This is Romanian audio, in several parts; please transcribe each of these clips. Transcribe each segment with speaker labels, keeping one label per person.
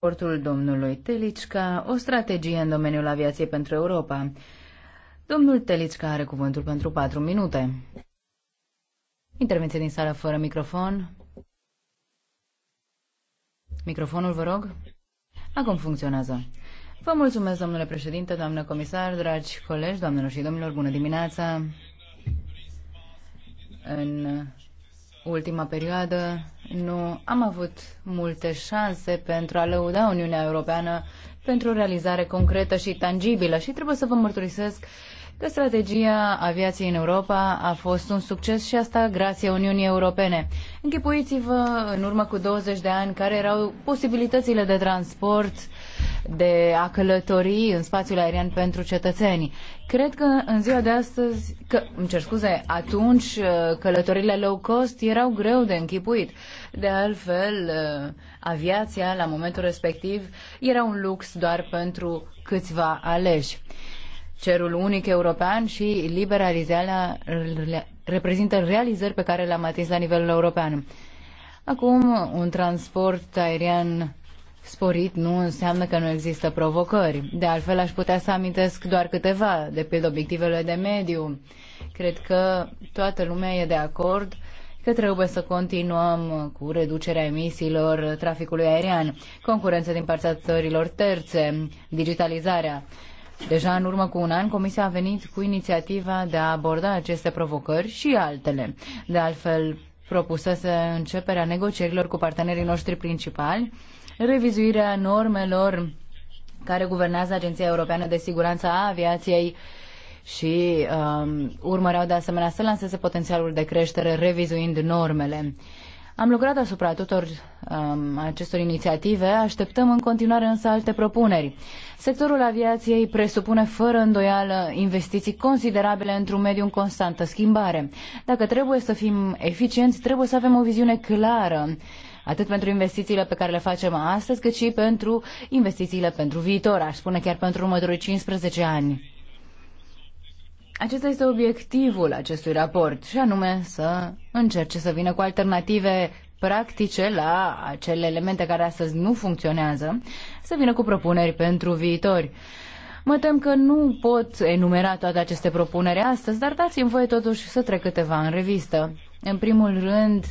Speaker 1: raportul domnului Telicca, o strategie în domeniul aviației pentru Europa. Domnul Telicca are cuvântul pentru 4 minute. Intervenție din sală fără microfon. Microfonul, vă rog. Acum funcționează. Vă mulțumesc, domnule președinte, doamnă comisar, dragi colegi, doamnelor și domnilor, bună dimineața. În ultima perioadă, nu am avut multe șanse pentru a lăuda Uniunea Europeană pentru o realizare concretă și tangibilă și trebuie să vă mărturisesc că strategia aviației în Europa a fost un succes și asta grație Uniunii Europene. Închipuiți-vă în urmă cu 20 de ani care erau posibilitățile de transport uh, de a călători în spațiul aerian pentru cetățeni. Cred că în ziua de astăzi, că, îmi cer scuze, atunci uh, călătorile low cost erau greu de închipuit. De altfel, uh, aviația la momentul respectiv era un lux doar pentru câțiva aleși. Cerul unic european și liberalizarea reprezintă realizări pe care le-am atins la nivelul european. Acum, un transport aerian sporit nu înseamnă că nu există provocări. De altfel, aș putea să amintesc doar câteva, de pildă obiectivele de mediu. Cred că toată lumea e de acord că trebuie să continuăm cu reducerea emisiilor traficului aerian, concurență din partea țărilor terțe, digitalizarea. Deja în urmă cu un an, Comisia a venit cu inițiativa de a aborda aceste provocări și altele. De altfel, propusese începerea negocierilor cu partenerii noștri principali, revizuirea normelor care guvernează Agenția Europeană de Siguranță a Aviației și um, urmăreau de asemenea să lanseze potențialul de creștere revizuind normele. Am lucrat asupra tuturor um, acestor inițiative, așteptăm în continuare însă alte propuneri. Sectorul aviației presupune fără îndoială investiții considerabile într-un mediu în constantă schimbare. Dacă trebuie să fim eficienți, trebuie să avem o viziune clară atât pentru investițiile pe care le facem astăzi, cât și pentru investițiile pentru viitor, aș spune chiar pentru următorii 15 ani. Acesta este obiectivul acestui raport, și anume să încerce să vină cu alternative practice la acele elemente care astăzi nu funcționează, să vină cu propuneri pentru viitori. Mă tem că nu pot enumera toate aceste propuneri astăzi, dar dați-mi voie totuși să trec câteva în revistă. În primul rând, uh,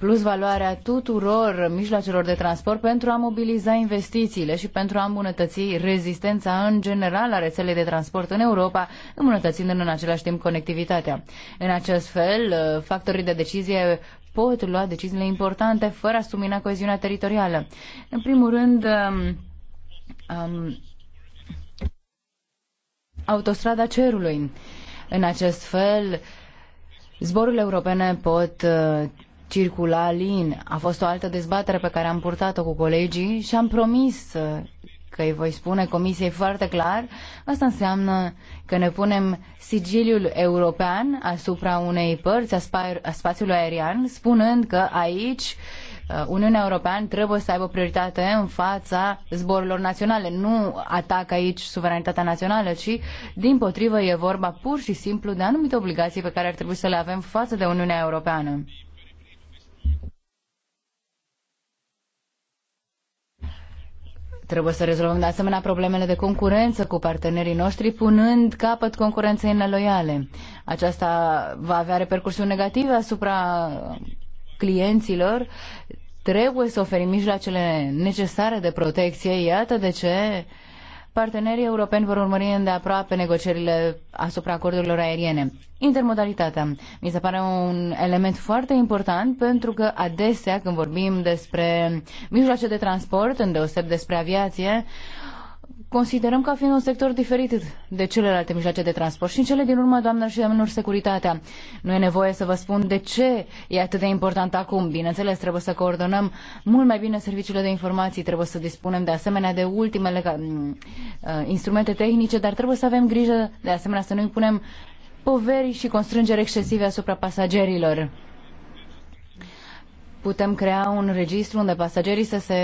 Speaker 1: plus valoarea tuturor mijloacelor de transport pentru a mobiliza investițiile și pentru a îmbunătăți rezistența în general a rețelei de transport în Europa, îmbunătățind în același timp conectivitatea. În acest fel, factorii de decizie pot lua deciziile importante fără a sumina coeziunea teritorială. În primul rând, um, um, autostrada cerului. În acest fel, zborurile europene pot uh, circula lin. A fost o altă dezbatere pe care am purtat-o cu colegii și am promis uh, că îi voi spune comisiei foarte clar, asta înseamnă că ne punem sigiliul european asupra unei părți a, spa- a spațiului aerian, spunând că aici uh, Uniunea Europeană trebuie să aibă prioritate în fața zborurilor naționale. Nu atacă aici suveranitatea națională, ci din potrivă e vorba pur și simplu de anumite obligații pe care ar trebui să le avem față de Uniunea Europeană. Trebuie să rezolvăm de asemenea problemele de concurență cu partenerii noștri, punând capăt concurenței neloiale. Aceasta va avea repercursiuni negative asupra clienților. Trebuie să oferim mijloacele necesare de protecție. Iată de ce uh, Partenerii europeni vor urmări îndeaproape negocierile asupra acordurilor aeriene. Intermodalitatea mi se pare un element foarte important pentru că adesea când vorbim despre mijloace de transport, îndeoseb despre aviație, considerăm ca fiind un sector diferit de celelalte mijloace de transport și în cele din urmă, doamnelor și domnilor, securitatea. Nu e nevoie să vă spun de ce e atât de important acum. Bineînțeles, trebuie să coordonăm mult mai bine serviciile de informații, trebuie să dispunem de asemenea de ultimele mm, uh, instrumente tehnice, dar trebuie să avem grijă de asemenea să nu impunem poveri și constrângeri excesive asupra pasagerilor putem crea un registru unde pasagerii să se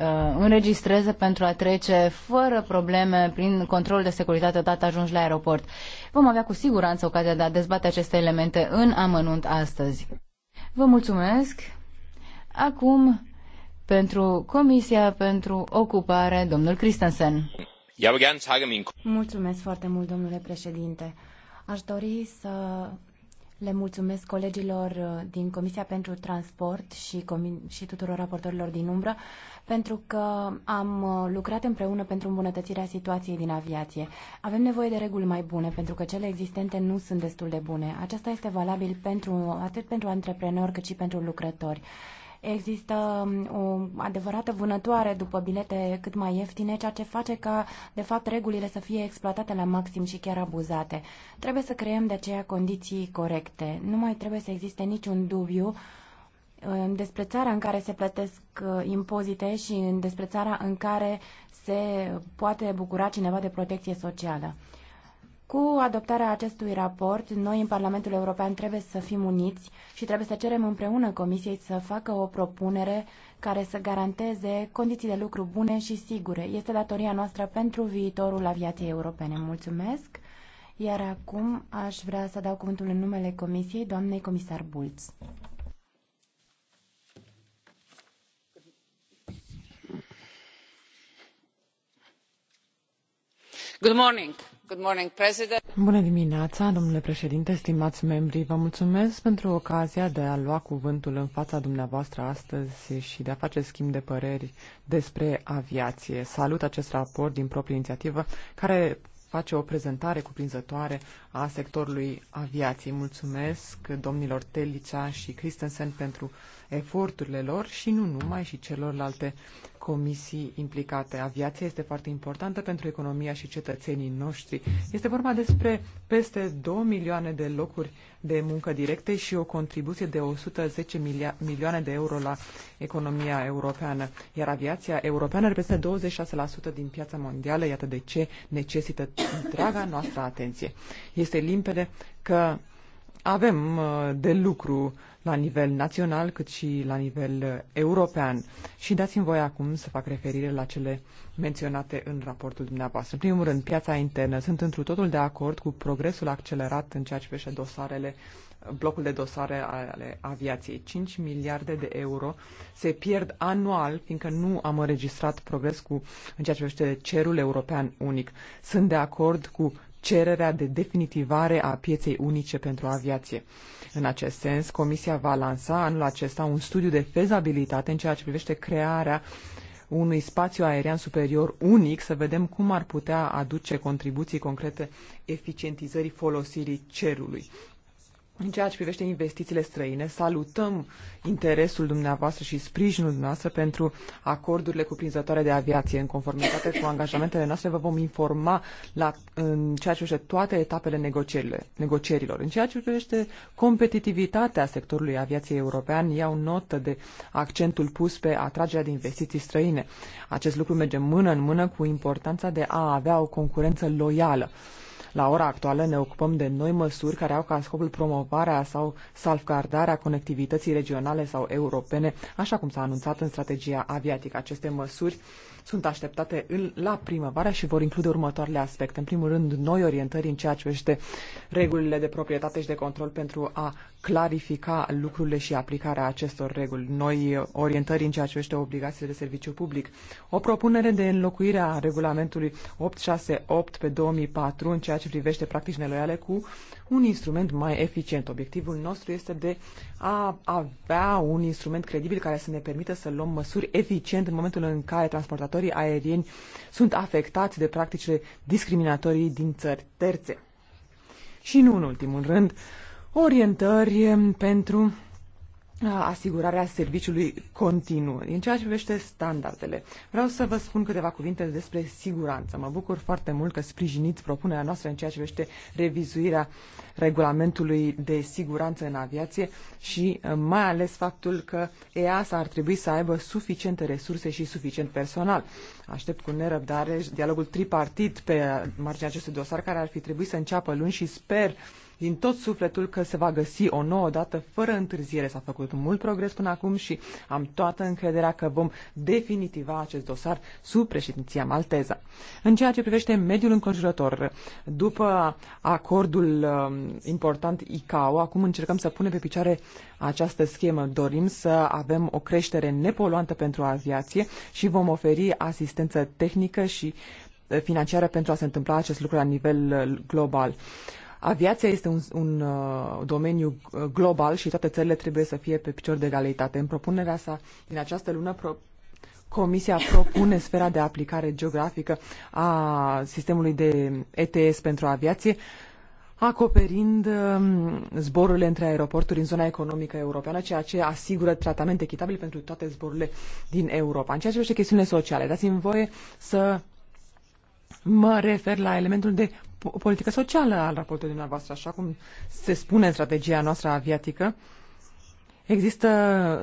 Speaker 1: uh, înregistreze pentru a trece fără probleme prin control de securitate odată ajungi la aeroport. Vom avea cu siguranță ocazia de a dezbate aceste elemente în amănunt astăzi. Vă mulțumesc. Acum, pentru Comisia pentru Ocupare, domnul Christensen. Mulțumesc foarte mult, domnule
Speaker 2: președinte. Aș dori să le mulțumesc colegilor uh, din Comisia pentru Transport și, și tuturor raportorilor din umbră pentru că am uh, lucrat împreună pentru îmbunătățirea situației din aviație. Avem nevoie de reguli mai bune pentru că cele existente nu sunt destul de bune. Aceasta este valabil pentru, atât pentru antreprenori cât și pentru lucrători există um, o adevărată vânătoare după bilete cât mai ieftine, ceea ce face ca, de fapt, regulile să fie exploatate la maxim și chiar abuzate. Trebuie să creăm de aceea condiții corecte. Nu mai trebuie să existe niciun dubiu um, despre țara în care se plătesc uh, impozite și um, despre țara în care se poate bucura cineva de protecție socială. Cu adoptarea acestui raport, noi în Parlamentul European trebuie să fim uniți și trebuie să cerem împreună Comisiei să facă o propunere care să garanteze condiții de lucru bune și sigure. Este datoria noastră pentru viitorul aviației europene. Mulțumesc! Iar acum aș vrea să dau cuvântul în numele Comisiei, doamnei comisar Bulț.
Speaker 3: Good morning.
Speaker 4: Bună dimineața, domnule președinte, stimați membri. Vă mulțumesc pentru ocazia de a lua cuvântul în fața dumneavoastră astăzi și de a face schimb de păreri despre aviație. Salut acest raport din proprie inițiativă care face o prezentare cuprinzătoare a sectorului aviației. Mulțumesc domnilor Telicea și Christensen pentru eforturile lor și nu numai și celorlalte comisii implicate. Aviația este foarte importantă pentru economia și cetățenii noștri. Este vorba despre peste 2 milioane de locuri de muncă directe și o contribuție de 110 milioane de euro la economia europeană. Iar aviația europeană reprezintă 26% din piața mondială, iată de ce necesită întreaga noastră atenție. Este limpede că avem uh, de lucru la nivel național cât și la nivel uh, european. Și dați-mi voi acum să fac referire la cele menționate în raportul dumneavoastră. În primul rând, piața internă. Sunt întru totul de acord cu progresul accelerat în ceea ce privește dosarele blocul de dosare ale aviației. 5 miliarde de euro se pierd anual, fiindcă nu am înregistrat progres cu, în ceea ce privește cerul european unic. Sunt de acord cu cererea de definitivare a pieței unice pentru aviație. În acest sens, Comisia va lansa anul acesta un studiu de fezabilitate în ceea ce privește crearea unui spațiu aerian superior unic, să vedem cum ar putea aduce contribuții concrete eficientizării folosirii cerului. În ceea ce privește investițiile străine, salutăm interesul dumneavoastră și sprijinul dumneavoastră pentru acordurile cuprinzătoare de aviație. În conformitate cu angajamentele noastre, vă vom informa la, în ceea ce privește toate etapele negocierilor. În ceea ce privește competitivitatea sectorului aviației european, iau notă de accentul pus pe atragerea de investiții străine. Acest lucru merge mână în mână cu importanța de a avea o concurență loială. La ora actuală ne ocupăm de noi măsuri care au ca scopul promovarea sau salvgardarea conectivității regionale sau europene, așa cum s-a anunțat în strategia aviatică. Aceste măsuri uh, sunt așteptate în, la primăvară și vor include următoarele aspecte. În primul rând, noi orientări în ceea ce privește regulile de proprietate și de control pentru a clarifica lucrurile și aplicarea acestor reguli. Noi orientări în ceea ce privește obligațiile de serviciu public. O propunere de înlocuire a regulamentului 868 pe 2004 în ceea ce privește practici neloiale cu un instrument mai eficient. Obiectivul nostru este de a avea un instrument credibil care să ne permită să luăm măsuri eficient în momentul în care transportatorul operatorii aerieni sunt afectați de practicile discriminatorii din țări terțe. Și nu în ultimul rând, orientări pentru asigurarea serviciului continuu. În ceea ce privește standardele, vreau să vă spun câteva cuvinte despre siguranță. Mă bucur foarte mult că sprijiniți propunerea noastră în ceea ce privește revizuirea regulamentului de siguranță în aviație și uh, mai ales faptul că EASA ar trebui să aibă suficiente resurse și suficient personal. Aștept cu nerăbdare dialogul tripartit pe marginea acestui dosar care ar fi trebuit să înceapă luni și sper din tot sufletul că se va găsi o nouă dată fără întârziere. S-a făcut mult progres până acum și am toată încrederea că vom definitiva acest dosar sub președinția malteză. În ceea ce privește mediul înconjurător, după acordul um, important ICAO, acum încercăm să punem pe picioare această schemă. Dorim să avem o creștere nepoluantă pentru aviație și vom oferi asistență tehnică și uh, financiară pentru a se întâmpla acest lucru la nivel uh, global. Aviația este un, un uh, domeniu uh, global și toate țările trebuie să fie pe picior de egalitate. În propunerea sa din această lună, pro- Comisia propune sfera de aplicare geografică a sistemului de ETS pentru aviație, acoperind um, zborurile între aeroporturi în zona economică europeană, ceea ce asigură tratament echitabil pentru toate zborurile din Europa. În ceea ce privește chestiunile sociale, dați-mi voie să Mă refer la elementul de politică socială al raportului dumneavoastră, așa cum se spune în strategia noastră aviatică. Există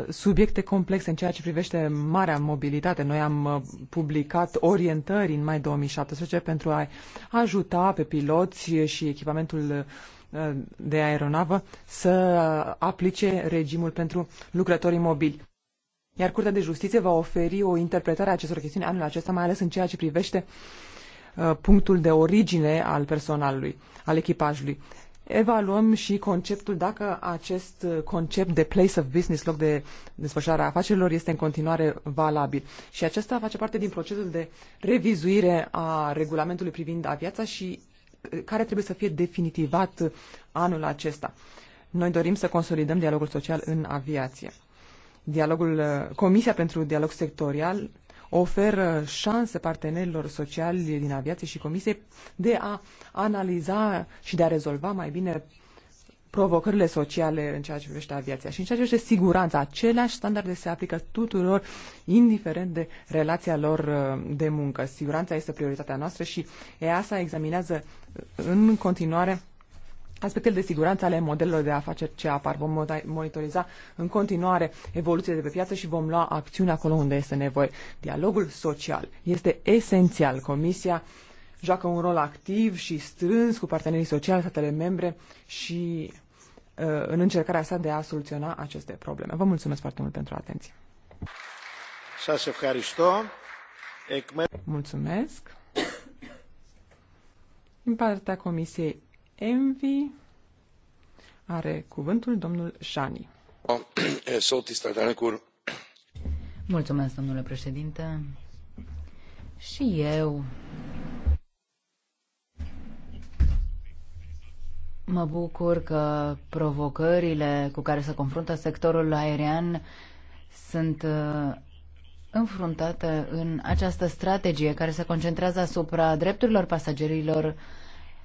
Speaker 4: subiecte complexe în ceea ce privește marea mobilitate. Noi am uh, publicat orientări în mai 2017 pentru a ajuta pe piloți și echipamentul uh, de aeronavă să aplice regimul pentru lucrătorii mobili. Iar Curtea de Justiție va oferi o interpretare a acestor chestiuni anul acesta, mai ales în ceea ce privește uh, Uh, punctul de origine al personalului, al echipajului. Evaluăm și conceptul dacă acest concept de place of business, loc de desfășurare a afacerilor, este în continuare valabil. Și acesta face parte din procesul de revizuire a regulamentului privind aviația și uh, care trebuie să fie definitivat anul acesta. Noi dorim să consolidăm dialogul social în aviație. Dialogul, uh, Comisia pentru Dialog Sectorial oferă șanse partenerilor sociali din aviație și comisie de a analiza și de a rezolva mai bine provocările sociale în ceea ce privește aviația și în ceea ce privește siguranța. Aceleași standarde se aplică tuturor, indiferent de relația lor uh, de muncă. Siguranța este prioritatea noastră și EASA examinează uh, în continuare aspectele de siguranță ale modelelor de afaceri ce apar. Vom monitoriza în continuare evoluția de pe piață și vom lua acțiune acolo unde este nevoie. Dialogul social este esențial. Comisia joacă un rol activ și strâns cu partenerii sociali, statele membre și uh, în încercarea sa de a soluționa aceste probleme. Vă mulțumesc foarte mult pentru atenție. Mulțumesc. Din partea Comisiei Envi are cuvântul domnul Jani. Mulțumesc, domnule președinte.
Speaker 1: Și eu Mă bucur că provocările cu care se confruntă sectorul aerian sunt uh, înfruntate în această strategie care se concentrează asupra drepturilor pasagerilor,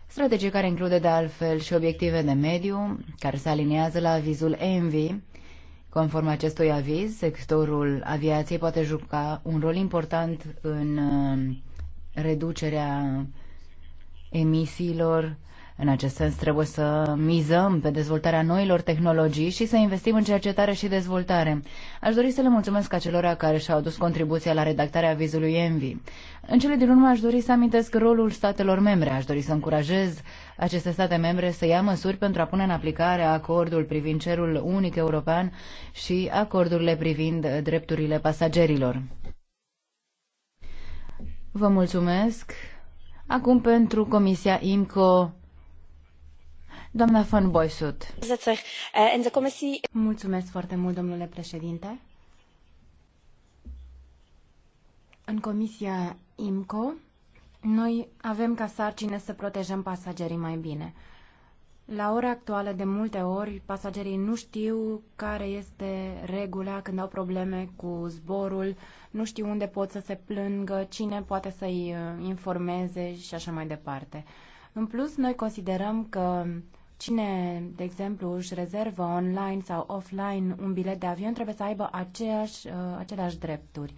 Speaker 1: strategie care include de altfel și obiective de mediu, care se aliniază la avizul ENVI. Conform acestui aviz, sectorul aviației poate juca un rol important în uh, reducerea emisiilor în acest sens trebuie să mizăm pe dezvoltarea noilor tehnologii și să investim în cercetare și dezvoltare. Aș dori să le mulțumesc acelora care și-au adus contribuția la redactarea vizului ENVI. În cele din urmă aș dori să amintesc rolul statelor membre. Aș dori să încurajez aceste state membre să ia măsuri pentru a pune în aplicare acordul privind cerul unic european și acordurile privind drepturile pasagerilor. Vă mulțumesc. Acum pentru Comisia IMCO Doamna von Boisut.
Speaker 2: Mulțumesc foarte mult, domnule președinte. În comisia IMCO, noi avem ca sarcină să protejăm pasagerii mai bine. La ora actuală, de multe ori, pasagerii nu știu care este regula când au probleme cu zborul, nu știu unde pot să se plângă, cine poate să-i uh, informeze și așa mai departe. În plus, noi considerăm că Cine, de exemplu, își rezervă online sau offline un bilet de avion trebuie să aibă aceeași, uh, aceleași drepturi.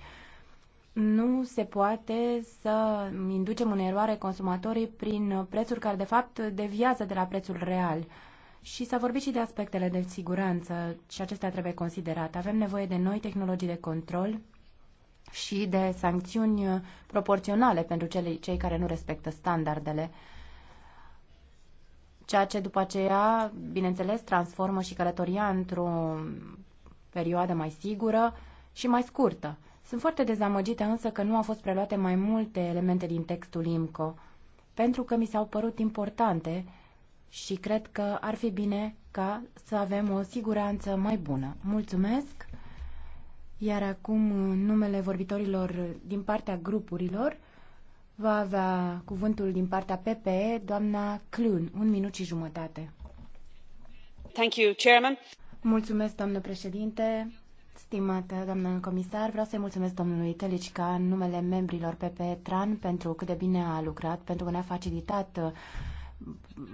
Speaker 2: Nu se poate să inducem în eroare consumatorii prin uh, prețuri care, de fapt, deviază de la prețul real. Și s-a vorbit și de aspectele de siguranță și acestea trebuie considerate. Avem nevoie de noi tehnologii de control și de sancțiuni uh, proporționale pentru cei care nu respectă standardele ceea ce după aceea, bineînțeles, transformă și călătoria într-o perioadă mai sigură și mai scurtă. Sunt foarte dezamăgită însă că nu au fost preluate mai multe elemente din textul IMCO, pentru că mi s-au părut importante și cred că ar fi bine ca să avem o siguranță mai bună. Mulțumesc! Iar acum numele vorbitorilor din partea grupurilor va avea cuvântul din partea PPE doamna Clun, un minut și jumătate. Thank you, Chairman. Mulțumesc, doamnă președinte. Stimată doamnă comisar, vreau să-i mulțumesc domnului Telicica în numele membrilor PPE, Tran pentru cât de bine a lucrat, pentru că ne-a facilitat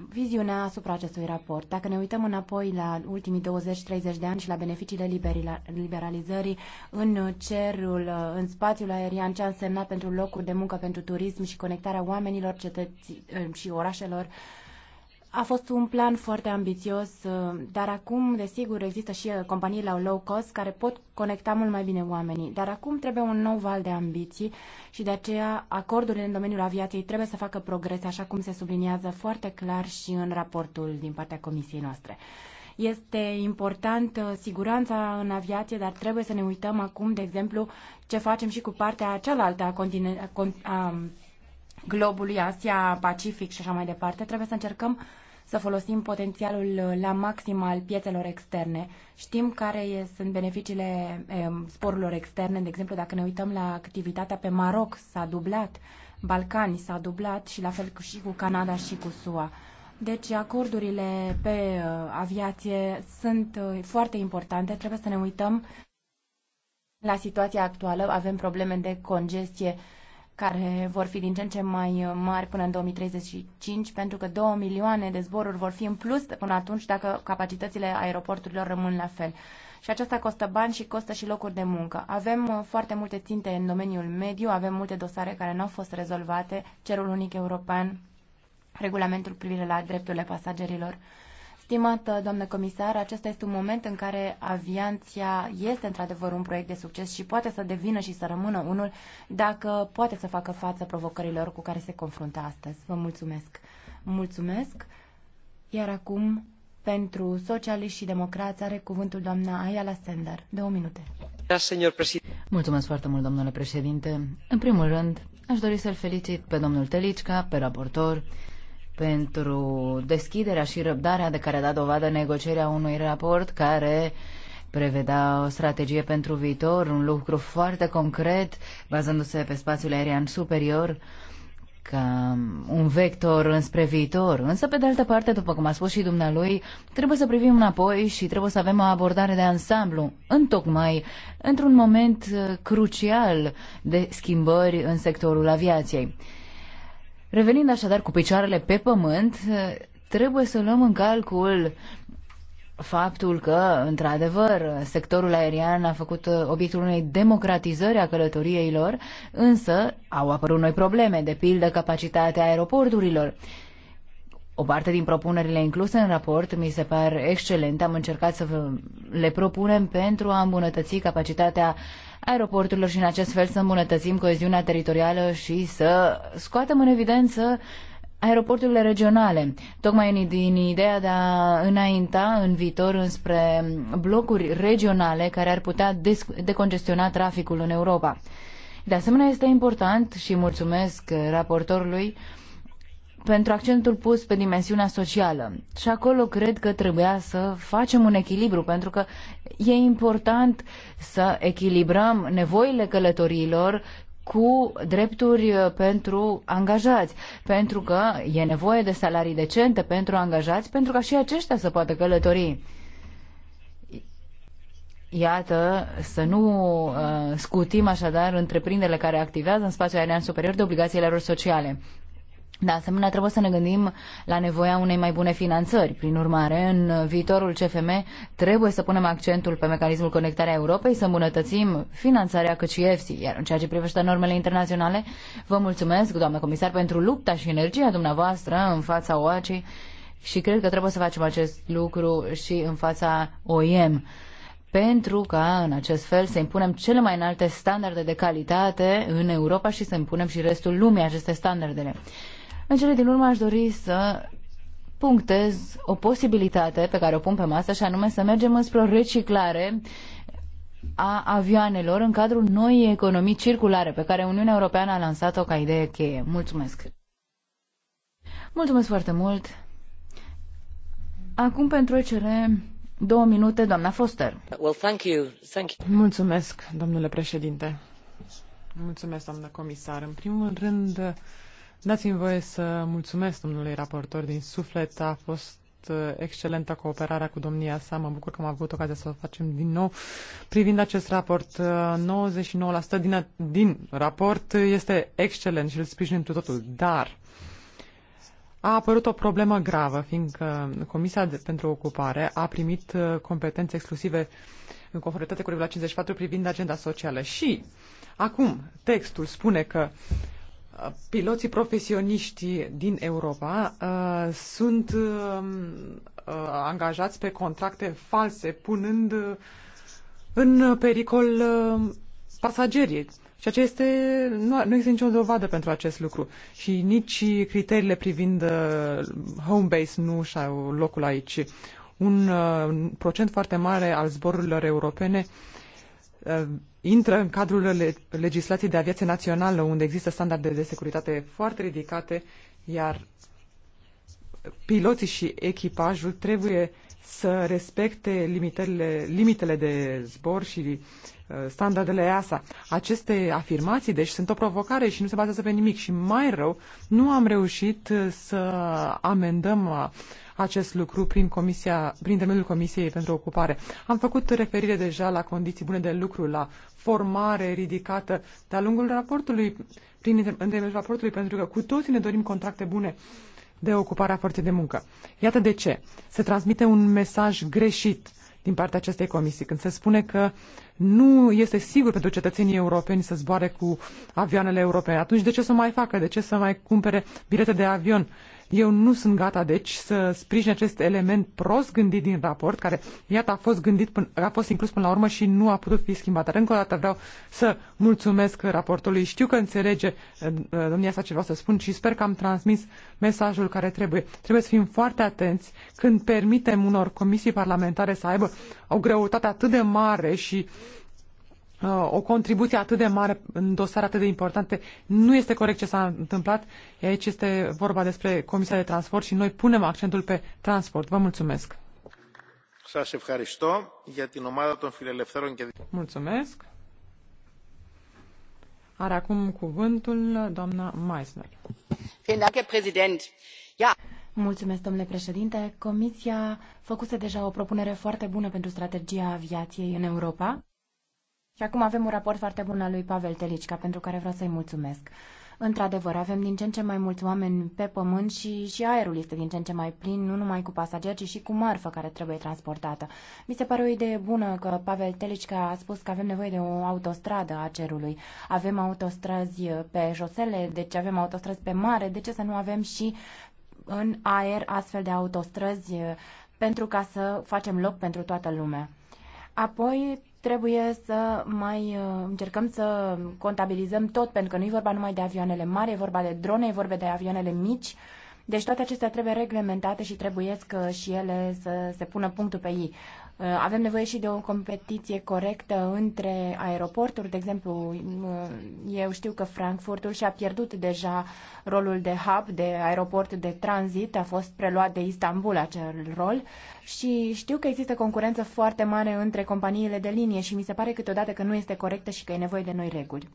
Speaker 2: viziunea asupra acestui raport. Dacă ne uităm înapoi la ultimii 20-30 de ani și la beneficiile liberalizării în cerul, în spațiul aerian, ce a însemnat pentru locuri de muncă, pentru turism și conectarea oamenilor cetății, și orașelor a fost un plan foarte ambițios, uh, dar acum, desigur, există și uh, companii la low cost care pot conecta mult mai bine oamenii. Dar acum trebuie un nou val de ambiții și de aceea acordurile în domeniul aviației trebuie să facă progrese, așa cum se subliniază foarte clar și în raportul din partea comisiei noastre. Este important uh, siguranța în aviație, dar trebuie să ne uităm acum, de exemplu, ce facem și cu partea cealaltă a, continent, a um, globului Asia, Pacific și așa mai departe. Trebuie să încercăm uh, să folosim potențialul uh, la maxim al piețelor externe. Știm care sunt beneficiile um, sporurilor externe, de exemplu, dacă ne uităm la activitatea pe Maroc, s-a dublat, Balcani s-a dublat și la fel și cu Canada și cu SUA. Deci acordurile pe uh, aviație sunt uh, foarte importante, trebuie să ne uităm la situația actuală, avem probleme de congestie care vor fi din ce în ce mai uh, mari până în 2035, pentru că 2 milioane de zboruri vor fi în plus până atunci dacă capacitățile aeroporturilor rămân la fel. Și aceasta costă bani și costă și locuri de muncă. Avem uh, foarte multe ținte în domeniul mediu, avem multe dosare care nu au fost rezolvate, cerul unic european, regulamentul privire la drepturile pasagerilor. Stimată doamnă comisar, acesta este un moment în care avianția este într-adevăr un proiect de succes și poate să devină și să rămână unul dacă poate să facă față provocărilor cu care se confruntă astăzi. Vă mulțumesc! Mulțumesc! Iar acum, pentru socialiști și democrați, are cuvântul doamna Ayala Sender.
Speaker 1: Două minute. Da, mulțumesc foarte mult, domnule președinte. În primul rând, aș dori să-l felicit pe domnul Telicca, pe raportor, pentru deschiderea și răbdarea de care a dat dovadă negocierea unui raport care prevedea o strategie pentru viitor, un lucru foarte concret, bazându-se pe spațiul aerian superior, ca un vector înspre viitor. Însă, pe de altă parte, după cum a spus și dumnealui, trebuie să privim înapoi și trebuie să avem o abordare de ansamblu, întocmai într-un moment crucial de schimbări în sectorul aviației. Revenind așadar cu picioarele pe pământ, trebuie să luăm în calcul faptul că, într-adevăr, sectorul aerian a făcut uh, obiectul unei democratizări a călătoriei lor, însă au apărut noi probleme, de pildă capacitatea aeroporturilor. O parte din propunerile incluse în raport mi se par excelente. Am încercat să le propunem pentru a îmbunătăți capacitatea aeroporturilor și în acest fel să îmbunătățim coeziunea teritorială și să scoatem în evidență aeroporturile regionale, tocmai din ideea de a înainta în viitor înspre blocuri regionale care ar putea decongestiona traficul în Europa. De asemenea, este important și mulțumesc raportorului uh, pentru accentul pus pe dimensiunea socială. Și acolo cred că trebuia să facem un echilibru, pentru că e important să echilibrăm nevoile călătorilor cu drepturi pentru angajați, pentru că e nevoie de salarii decente pentru angajați, pentru ca și aceștia să poată călători. Iată, să nu uh, scutim așadar întreprinderile care activează în spațiul aerian superior de obligațiile lor sociale. De asemenea, trebuie să ne gândim la nevoia unei mai bune finanțări. Prin urmare, în viitorul CFM trebuie să punem accentul pe mecanismul conectarea Europei, să îmbunătățim finanțarea cât și EFSI. Iar în ceea ce privește normele internaționale, vă mulțumesc, doamnă comisar, pentru lupta și energia dumneavoastră în fața OACI și cred că trebuie să facem acest lucru și în fața OIM pentru ca în acest fel să impunem cele mai înalte standarde de calitate în Europa și să impunem și restul lumii aceste standardele. În cele din urmă aș dori să punctez o posibilitate pe care o pun pe masă și anume să mergem înspre o reciclare a avioanelor în cadrul noii economii circulare pe care Uniunea Europeană a lansat-o ca idee cheie. Mulțumesc! Mulțumesc foarte mult! Acum pentru ECR două minute, doamna Foster.
Speaker 4: Well, thank you. Thank you. Mulțumesc, domnule președinte. Mulțumesc, doamnă comisar. În primul rând, Dați-mi voie să mulțumesc domnului raportor din suflet. A fost uh, excelentă cooperarea cu domnia sa. Mă bucur că am avut ocazia să o facem din nou. Privind acest raport, 99% uh, din, din raport este excelent și îl sprijinim cu totul. Dar a apărut o problemă gravă, fiindcă Comisia pentru Ocupare a primit uh, competențe exclusive în conformitate cu regula 54 privind agenda socială. Și acum textul spune că piloții profesioniști din Europa uh, sunt uh, uh, angajați pe contracte false, punând uh, în pericol uh, pasagerii. Ceea ce este, nu, nu există nicio dovadă pentru acest lucru și nici criteriile privind uh, home base nu și-au locul aici. Un uh, procent foarte mare al zborurilor europene uh, Uh, intră în cadrul legislației de aviație națională, unde există standarde de securitate foarte ridicate, iar piloții și echipajul trebuie să respecte limitele, limitele de zbor și uh, standardele EASA. Aceste afirmații, deci, sunt o provocare și nu se bazează pe nimic. Și mai rău, nu am reușit uh, să amendăm acest lucru prin, comisia, prin intermediul Comisiei pentru Ocupare. Am făcut referire deja la condiții bune de lucru, la formare ridicată de-a lungul raportului, prin intermediul raportului, pentru că cu toții ne dorim contracte bune de ocupare a forței de muncă. Iată de ce. Se transmite un mesaj greșit din partea acestei comisii, când se spune că nu este sigur pentru cetățenii europeni să zboare cu avioanele europene. Atunci de ce să mai facă? De ce să mai cumpere bilete de avion? Eu nu sunt gata, deci, să sprijin acest element prost gândit din raport, care, iată, a fost gândit, până, a fost inclus până la urmă și nu a putut fi schimbat. Dar încă o dată vreau să mulțumesc raportului. Știu că înțelege uh, domnia asta ce vreau să spun și sper că am transmis mesajul care trebuie. Trebuie să fim foarte atenți când permitem unor comisii parlamentare să aibă o greutate atât de mare și uh, o contribuție atât de mare în dosare atât de importante. Nu este corect ce s-a întâmplat. Aici este vorba despre Comisia de Transport și noi punem accentul pe transport. Vă mulțumesc. Mulțumesc. Are acum cuvântul doamna Meisner. Mulțumesc, domnule președinte.
Speaker 2: Comisia făcuse deja o propunere foarte bună pentru strategia aviației în Europa și acum avem un raport foarte bun al lui Pavel Telicca, pentru care vreau să-i mulțumesc. Într-adevăr, avem din ce în ce mai mulți oameni pe pământ și, și aerul este din ce în ce mai plin, nu numai cu pasageri, ci și cu marfă care trebuie transportată. Mi se pare o idee bună că Pavel Telicca a spus că avem nevoie de o autostradă a cerului. Avem autostrăzi pe josele, deci avem autostrăzi pe mare, de ce să nu avem și în aer astfel de autostrăzi eh, pentru ca să facem loc pentru toată lumea. Apoi, trebuie să mai uh, încercăm să contabilizăm tot, pentru că nu e vorba numai de avioanele mari, e vorba de drone, e vorba de avioanele mici. Deci toate acestea trebuie reglementate și trebuie uh, și ele să se pună punctul pe ei. Uh, avem nevoie și de o competiție corectă între aeroporturi. De exemplu, uh, eu știu că Frankfurtul și-a pierdut deja rolul de hub, de aeroport de tranzit, a fost preluat de Istanbul acel rol și știu că există concurență foarte mare între companiile de linie și mi se pare câteodată că nu este corectă și că e nevoie de noi reguli.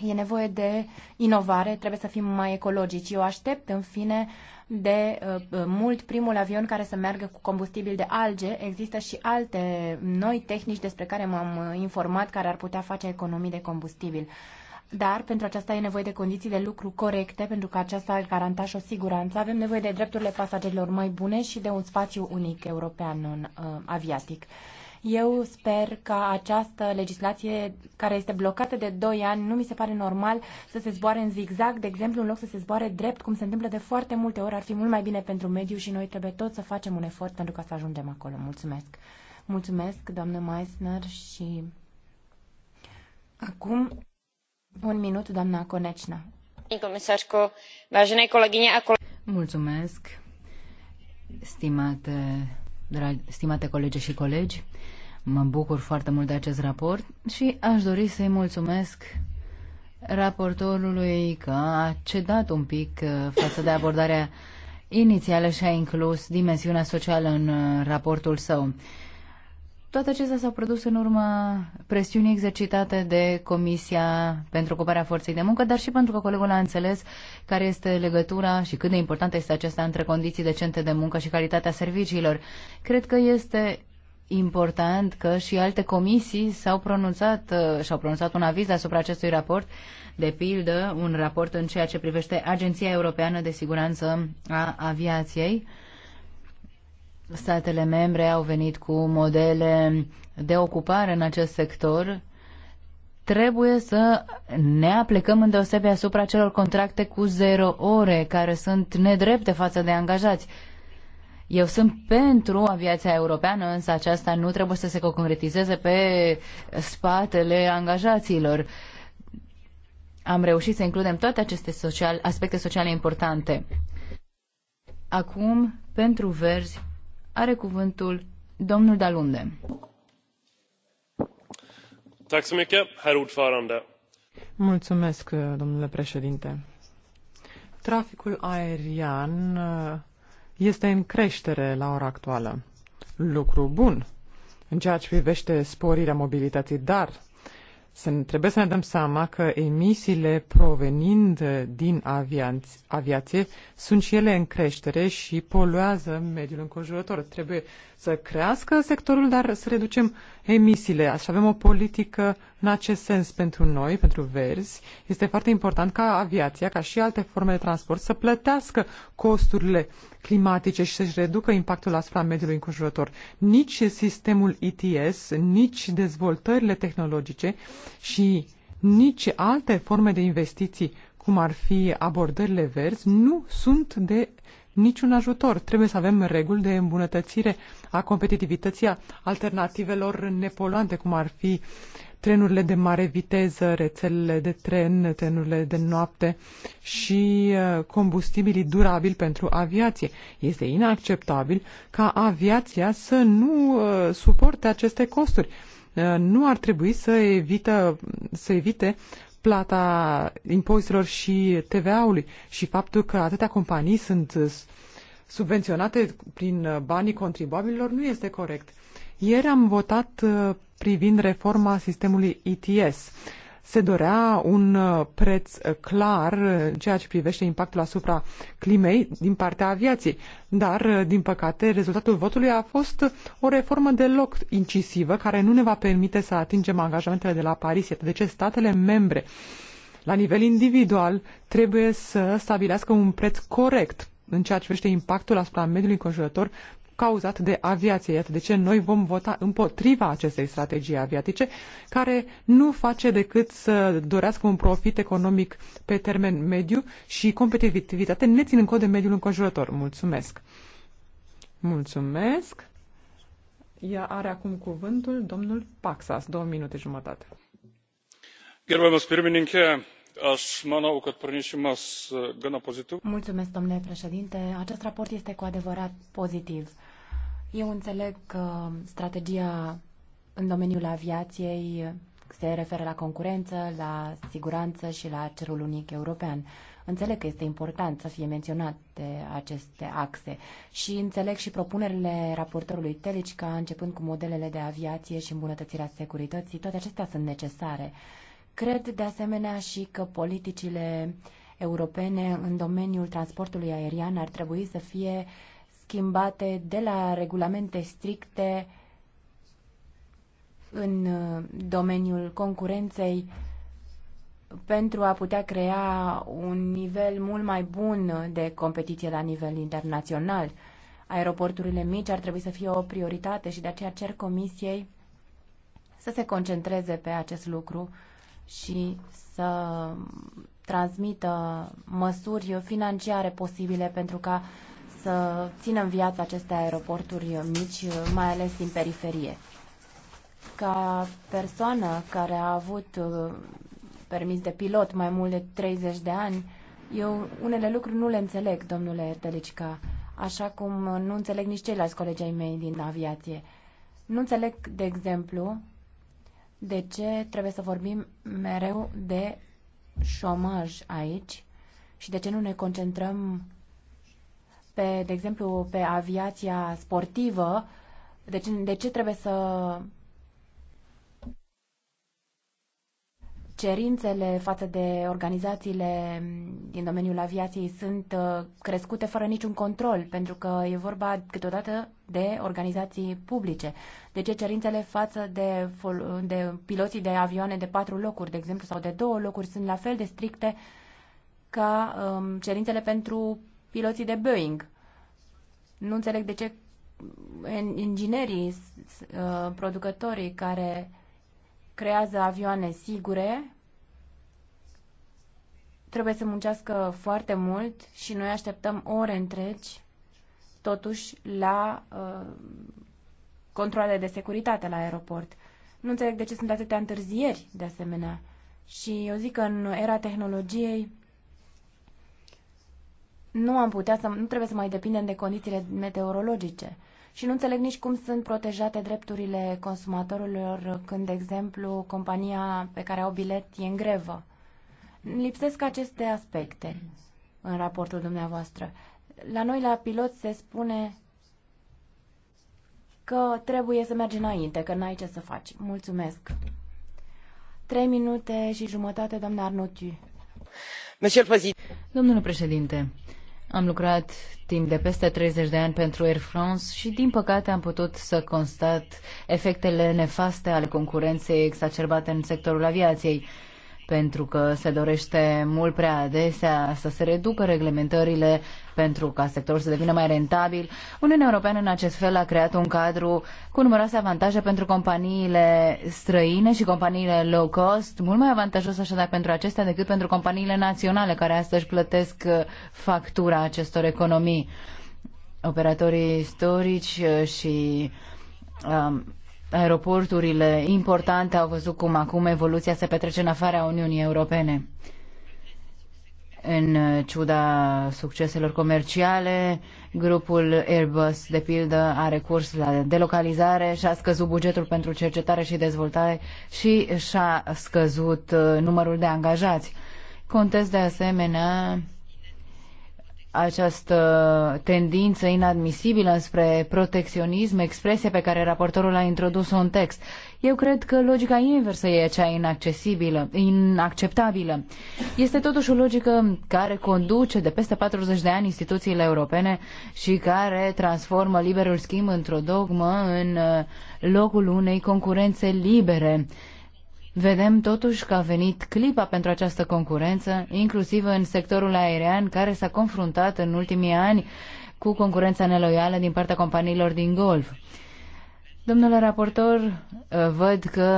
Speaker 2: E nevoie de inovare, trebuie să fim mai ecologici. Eu aștept, în fine, de uh, mult primul avion care să meargă cu combustibil de alge. Există și alte noi tehnici despre care m-am uh, informat care ar putea face economii de combustibil. Dar pentru aceasta e nevoie de condiții de lucru corecte, pentru că aceasta ar garanta și o siguranță. Avem nevoie de drepturile pasagerilor mai bune și de un spațiu unic european în, uh, aviatic. Eu sper că această legislație care este blocată de 2 ani nu mi se pare normal să se zboare în zigzag, de exemplu, în loc să se zboare drept, cum se întâmplă de foarte multe ori, ar fi mult mai bine pentru mediu și noi trebuie tot să facem un efort pentru ca să ajungem acolo. Mulțumesc! Mulțumesc, doamnă Meissner, și acum un minut, doamna Conecina. Comisarco, vážené kolegyně a
Speaker 1: Mulțumesc, stimate dragi, stimate colege și colegi. Mă bucur foarte mult de acest raport și aș dori să-i mulțumesc raportorului că a cedat un pic uh, față de abordarea inițială și a inclus dimensiunea socială în uh, raportul său. Toate acestea s-au produs în urma presiunii exercitate de Comisia pentru Ocuparea Forței de Muncă, dar și pentru că colegul a înțeles care este legătura și cât de importantă este aceasta între condiții decente de muncă și calitatea serviciilor. Cred că este important că și alte comisii s-au pronunțat uh, și-au pronunțat un aviz asupra acestui raport, de pildă un raport în ceea ce privește Agenția Europeană de Siguranță a Aviației, statele membre au venit cu modele de ocupare în acest sector, trebuie să ne aplicăm îndeosebi asupra celor contracte cu zero ore, care sunt nedrepte față de angajați. Eu sunt pentru aviația europeană, însă aceasta nu trebuie să se concretizeze pe spatele angajaților. Am reușit să includem toate aceste social, aspecte sociale importante. Acum, pentru verzi, are cuvântul domnul Dalunde.
Speaker 4: Mulțumesc, domnule președinte. Traficul aerian uh, este în creștere la ora actuală. Lucru bun în ceea ce privește sporirea mobilității, dar să ne, trebuie să ne dăm seama că emisiile provenind din aviați, aviație sunt și ele în creștere și poluează mediul înconjurător. Trebuie să crească sectorul, dar să reducem emisiile Așa avem o politică în acest sens pentru noi, pentru verzi. Este foarte important ca aviația, ca și alte forme de transport, să plătească costurile climatice și să-și reducă impactul asupra mediului înconjurător. Nici sistemul ETS, nici dezvoltările tehnologice și nici alte forme de investiții, cum ar fi abordările verzi, nu sunt de niciun ajutor. Trebuie să avem reguli de îmbunătățire a competitivității a alternativelor nepoluante, cum ar fi trenurile de mare viteză, rețelele de tren, trenurile de noapte și uh, combustibilii durabili pentru aviație. Este inacceptabil ca aviația să nu uh, suporte aceste costuri uh, nu ar trebui să, evită, să evite plata impozitelor și TVA-ului și faptul că atâtea companii sunt uh, subvenționate prin uh, banii contribuabililor nu este corect. Ieri am votat uh, privind reforma sistemului ETS se dorea un uh, preț uh, clar uh, în ceea ce privește impactul asupra climei din partea aviației. Dar, din păcate, rezultatul votului a fost o reformă deloc incisivă care nu ne va permite să atingem angajamentele de la Paris. de ce statele membre la nivel individual, trebuie să stabilească un preț corect în ceea ce privește impactul asupra mediului înconjurător cauzat de aviație. Iată de ce noi vom vota împotriva acestei strategii aviatice, care nu face decât să dorească un profit economic pe termen mediu și competitivitate, ne ținând cont de mediul înconjurător. Mulțumesc! Mulțumesc! Ea are acum cuvântul domnul Paxas, două minute jumătate. Gerbiamas pirmininke, aș manau că pranešimas gana pozitiv.
Speaker 2: Mulțumesc, domnule președinte. Acest raport este cu adevărat pozitiv. Eu înțeleg că strategia în domeniul aviației se referă la concurență, la siguranță și la cerul unic european. Înțeleg că este important să fie menționate aceste axe și înțeleg și propunerile raportorului Telicca, începând cu modelele de aviație și îmbunătățirea securității, toate acestea sunt necesare. Cred de asemenea și că politicile europene în domeniul transportului aerian ar trebui să fie uh, schimbate de la regulamente stricte în uh, domeniul concurenței pentru a putea crea un nivel mult mai bun de competiție la nivel internațional. Aeroporturile mici ar trebui să fie o prioritate și de aceea cer Comisiei să se concentreze pe acest lucru și să transmită măsuri financiare posibile pentru ca să țină în viață aceste aeroporturi mici, mai ales din periferie. Ca persoană care a avut uh, permis de pilot mai mult de 30 de ani, eu unele lucruri nu le înțeleg, domnule Telicica, așa cum nu înțeleg nici ceilalți colegi ai mei din aviație. Nu înțeleg, de exemplu, de ce trebuie să vorbim mereu de șomaj aici și de ce nu ne concentrăm pe, de exemplu, pe aviația sportivă, ce, deci de ce trebuie să cerințele față de organizațiile din domeniul aviației sunt uh, crescute fără niciun control, pentru că e vorba câteodată de organizații publice. De ce cerințele față de, de piloții de avioane de patru locuri, de exemplu, sau de două locuri, sunt la fel de stricte ca um, cerințele pentru piloții de Boeing. Nu înțeleg de ce inginerii, uh, producătorii care creează avioane sigure trebuie să muncească foarte mult și noi așteptăm ore întregi totuși la uh, controle de securitate la aeroport. Nu înțeleg de ce sunt atâtea întârzieri de asemenea. Și eu zic că în era tehnologiei nu am putea să, nu trebuie să mai depindem de condițiile meteorologice. Și nu înțeleg nici cum sunt protejate drepturile consumatorilor când, de exemplu, compania pe care au bilet e în grevă. Lipsesc aceste aspecte în raportul dumneavoastră. La noi, la pilot, se spune că trebuie să mergi înainte, că n-ai ce să faci. Mulțumesc. Trei minute și jumătate, doamna Arnutiu.
Speaker 1: Domnule președinte, am lucrat timp de peste 30 de ani pentru Air France și, din păcate, am putut să constat efectele nefaste ale concurenței exacerbate în sectorul aviației pentru că se dorește mult prea adesea să se reducă reglementările pentru ca sectorul să devină mai rentabil. Uniunea Europeană în acest fel a creat un cadru cu numeroase avantaje pentru companiile străine și companiile low cost, mult mai avantajos așadar pentru acestea decât pentru companiile naționale care astăzi plătesc uh, factura acestor economii. Operatorii istorici uh, și um, aeroporturile importante au văzut cum acum evoluția se petrece în afara Uniunii Europene. În ciuda succeselor comerciale, grupul Airbus, de pildă, a recurs la delocalizare și a scăzut bugetul pentru cercetare și dezvoltare și și-a scăzut uh, numărul de angajați. Contez de asemenea această tendință inadmisibilă spre protecționism, expresie pe care raportorul a introdus-o în text. Eu cred că logica inversă e cea inaccesibilă, inacceptabilă. Este totuși o logică care conduce de peste 40 de ani instituțiile europene și care transformă liberul schimb într-o dogmă în locul unei concurențe libere vedem totuși că a venit clipa pentru această concurență, inclusiv în sectorul aerian, care s-a confruntat în ultimii ani cu concurența neloială din partea companiilor din Golf. Domnule raportor, văd că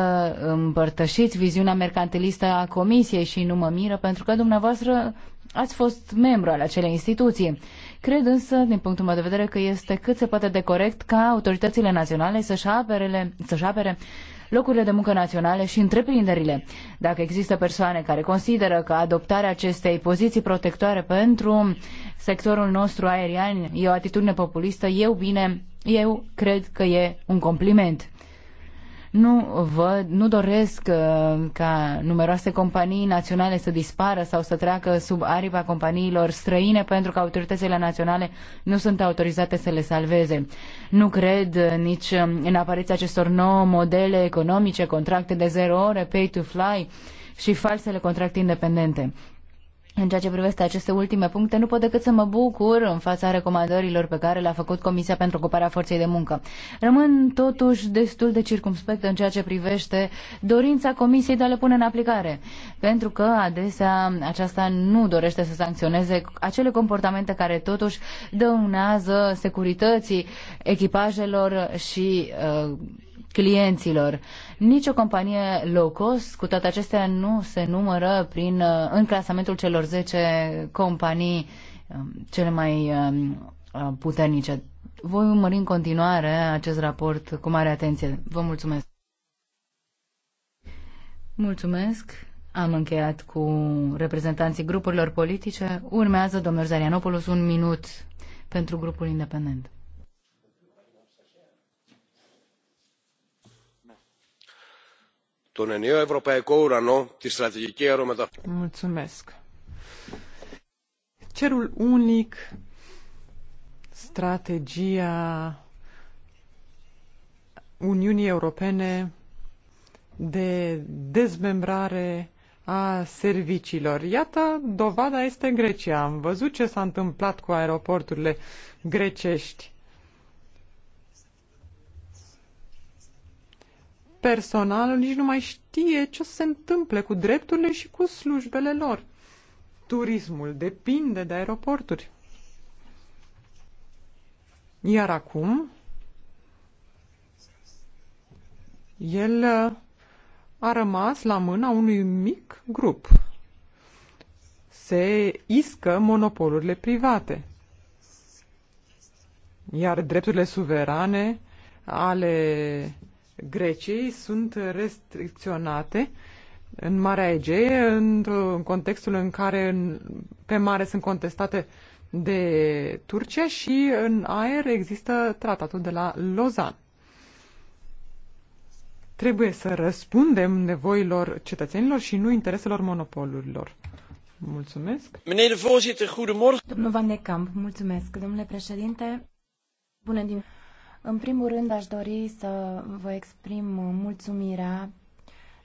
Speaker 1: împărtășiți viziunea mercantilistă a Comisiei și nu mă miră, pentru că dumneavoastră ați fost membru al acelei instituții. Cred însă, din punctul meu de vedere, că este cât se poate de corect ca autoritățile naționale să-și apere, să apere locurile de muncă naționale și întreprinderile. Dacă există persoane care consideră că adoptarea acestei poziții protectoare pentru sectorul nostru aerian e o atitudine populistă, eu bine, eu cred că e un compliment. Nu văd, nu doresc uh, ca numeroase companii naționale să dispară sau să treacă sub aripa companiilor străine pentru că autoritățile naționale nu sunt autorizate să le salveze. Nu cred uh, nici um, în apariția acestor nouă modele economice, contracte de zero ore, pay to fly și falsele contracte independente. În ceea ce privește aceste ultime puncte, nu pot decât să mă bucur în fața recomandărilor pe care le-a făcut Comisia pentru Ocuparea Forței de Muncă. Rămân totuși destul de circumspect în ceea ce privește dorința Comisiei de a le pune în aplicare, pentru că adesea aceasta nu dorește să sancționeze acele comportamente care totuși dăunează securității echipajelor și uh, clienților. Nici o companie low cost, cu toate acestea, nu se numără prin, uh, în clasamentul celor 10 companii um, cele mai um, uh, puternice. Voi urmări în continuare acest raport cu mare atenție. Vă mulțumesc! Mulțumesc! Am încheiat cu reprezentanții grupurilor politice. Urmează domnul Zarianopoulos un minut pentru grupul independent.
Speaker 4: Mulțumesc. Cerul unic, strategia Uniunii Europene de dezmembrare a serviciilor. Iată, dovada este Grecia. Am văzut ce s-a întâmplat cu aeroporturile grecești. personalul nici nu mai știe ce se întâmple cu drepturile și cu slujbele lor. Turismul depinde de aeroporturi. Iar acum, el a rămas la mâna unui mic grup. Se iscă monopolurile private. Iar drepturile suverane ale Greciei sunt restricționate în Marea Egee, în contextul în care pe mare sunt contestate de Turcia și în aer există tratatul de la Lozan. Trebuie să răspundem nevoilor cetățenilor și nu intereselor monopolurilor. Mulțumesc. de
Speaker 2: Domnul Van de Camp, mulțumesc. Domnule președinte, bună dimineața. În primul rând, aș dori să vă exprim mulțumirea,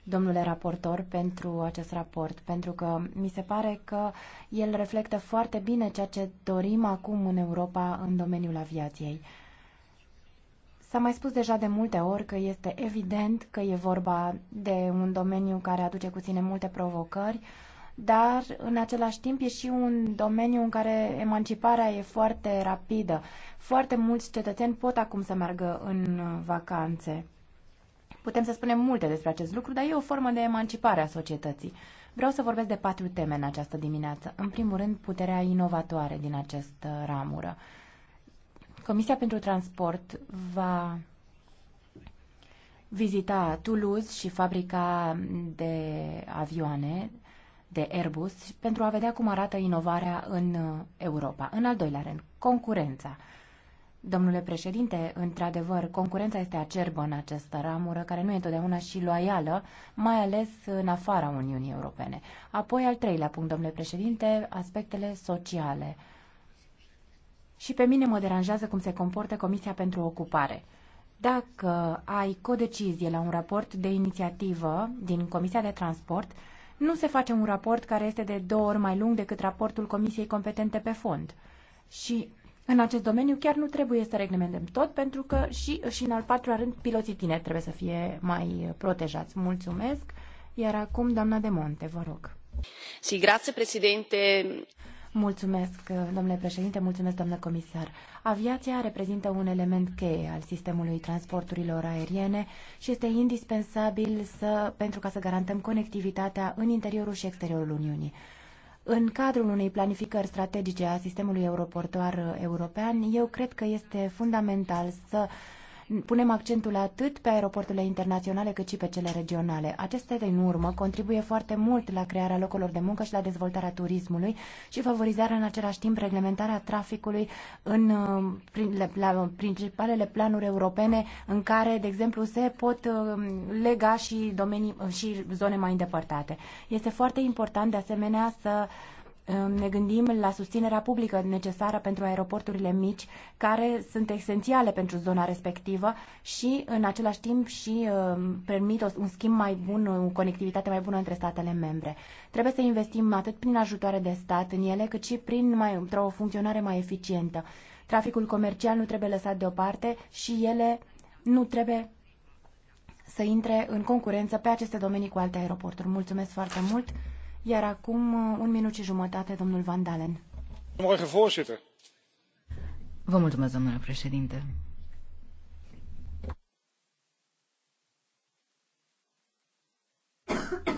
Speaker 2: domnule raportor, pentru acest raport, pentru că mi se pare că el reflectă foarte bine ceea ce dorim acum în Europa în domeniul aviației. S-a mai spus deja de multe ori că este evident că e vorba de un domeniu care aduce cu sine multe provocări, dar în același timp e și un domeniu în care emanciparea e foarte rapidă. Foarte mulți cetățeni pot acum să meargă în uh, vacanțe. Putem să spunem multe despre acest lucru, dar e o formă de emancipare a societății. Vreau să vorbesc de patru teme în această dimineață. În primul rând, puterea inovatoare din această ramură. Comisia pentru Transport va vizita Toulouse și fabrica de avioane de Airbus pentru a vedea cum arată inovarea în uh, Europa. În al doilea rând, concurența. Domnule președinte, într-adevăr, concurența este acerbă în această ramură, care nu e întotdeauna și loială, mai ales în afara Uniunii Europene. Apoi, al treilea punct, domnule președinte, aspectele sociale. Și pe mine mă deranjează cum se comportă Comisia pentru Ocupare. Dacă ai codecizie la un raport de inițiativă din Comisia de Transport, nu se face un raport care este de două ori mai lung decât raportul Comisiei competente pe fond. Și în acest domeniu chiar nu trebuie să reglementăm tot, pentru că și, și în al patrulea rând piloții tineri trebuie să fie mai protejați. Mulțumesc! Iar acum, doamna de Monte, vă rog. Sì, grazie, președinte. Mulțumesc, domnule președinte, mulțumesc, doamnă comisar. Aviația reprezintă un element cheie al sistemului transporturilor aeriene și este indispensabil să, pentru ca să garantăm conectivitatea în interiorul și exteriorul Uniunii. În cadrul unei planificări strategice a sistemului aeroportuar european, eu cred că este fundamental să Punem accentul atât pe aeroporturile internaționale cât și pe cele regionale. Aceste din urmă contribuie foarte mult la crearea locurilor de muncă și la dezvoltarea turismului și favorizarea în același timp reglementarea traficului în uh, prin, la, principalele planuri europene în care, de exemplu, se pot uh, lega și domenii uh, și zone mai îndepărtate. Este foarte important de asemenea să uh, Ehm, ne gândim la susținerea publică necesară pentru aeroporturile mici, care sunt esențiale pentru zona respectivă și, în același timp, și ehm, permit un schimb mai bun, o conectivitate mai bună între statele membre. Trebuie să investim atât prin ajutoare de stat în ele, cât și prin mai, într-o funcționare mai eficientă. Traficul comercial nu trebuie lăsat deoparte și ele nu trebuie să intre în concurență pe aceste domenii cu alte aeroporturi. Mulțumesc foarte mult! Iar acum uh, un minut și jumătate, domnul Van
Speaker 1: Dalen.
Speaker 4: Er.
Speaker 1: Vă mulțumesc, domnule președinte.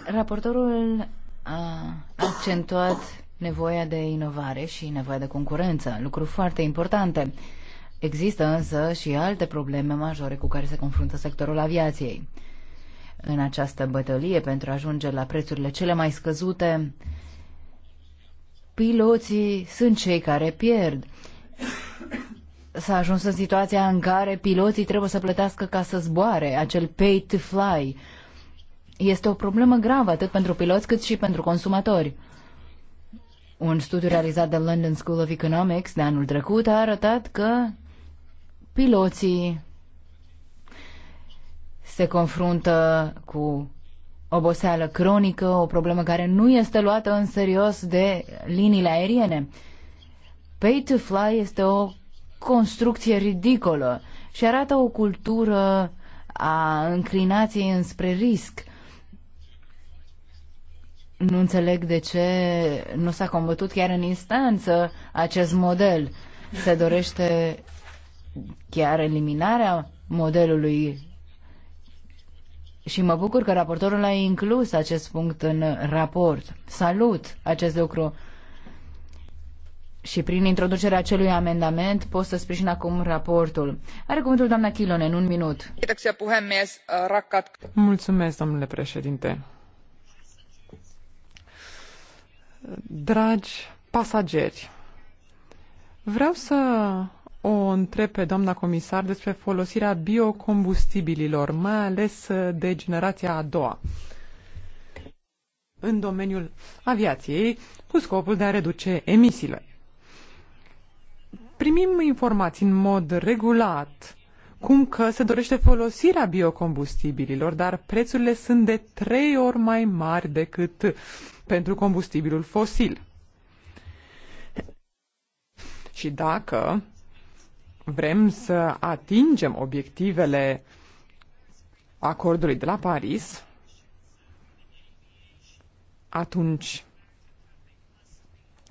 Speaker 1: Raportorul a accentuat nevoia de inovare și nevoia de concurență, lucruri foarte importante. Există însă și alte probleme majore cu care se confruntă sectorul aviației în această bătălie pentru a ajunge la prețurile cele mai scăzute, piloții sunt cei care pierd. S-a ajuns în situația în care piloții trebuie să plătească ca să zboare, acel pay to fly. Este o problemă gravă atât pentru piloți cât și pentru consumatori. Un studiu realizat de London School of Economics de anul trecut a arătat că piloții se confruntă cu oboseală cronică, o problemă care nu este luată în serios de liniile aeriene. Pay to fly este o construcție ridicolă și arată o cultură a înclinației înspre risc. Nu înțeleg de ce nu s-a combătut chiar în instanță acest model. Se dorește chiar eliminarea modelului și mă bucur că raportorul a inclus acest punct în raport. Salut acest lucru. Și prin introducerea acelui amendament pot să sprijin acum raportul.
Speaker 4: Are cuvântul doamna Chilonen, un minut. Mulțumesc, domnule președinte. Dragi pasageri, vreau să o întreb pe doamna comisar despre folosirea biocombustibililor, mai ales uh, de generația a doua în domeniul aviației cu scopul de a reduce emisiile. Primim informații în mod regulat cum că se dorește folosirea biocombustibililor, dar prețurile sunt de trei ori mai mari decât pentru combustibilul fosil. Și dacă vrem să atingem obiectivele acordului de la Paris, atunci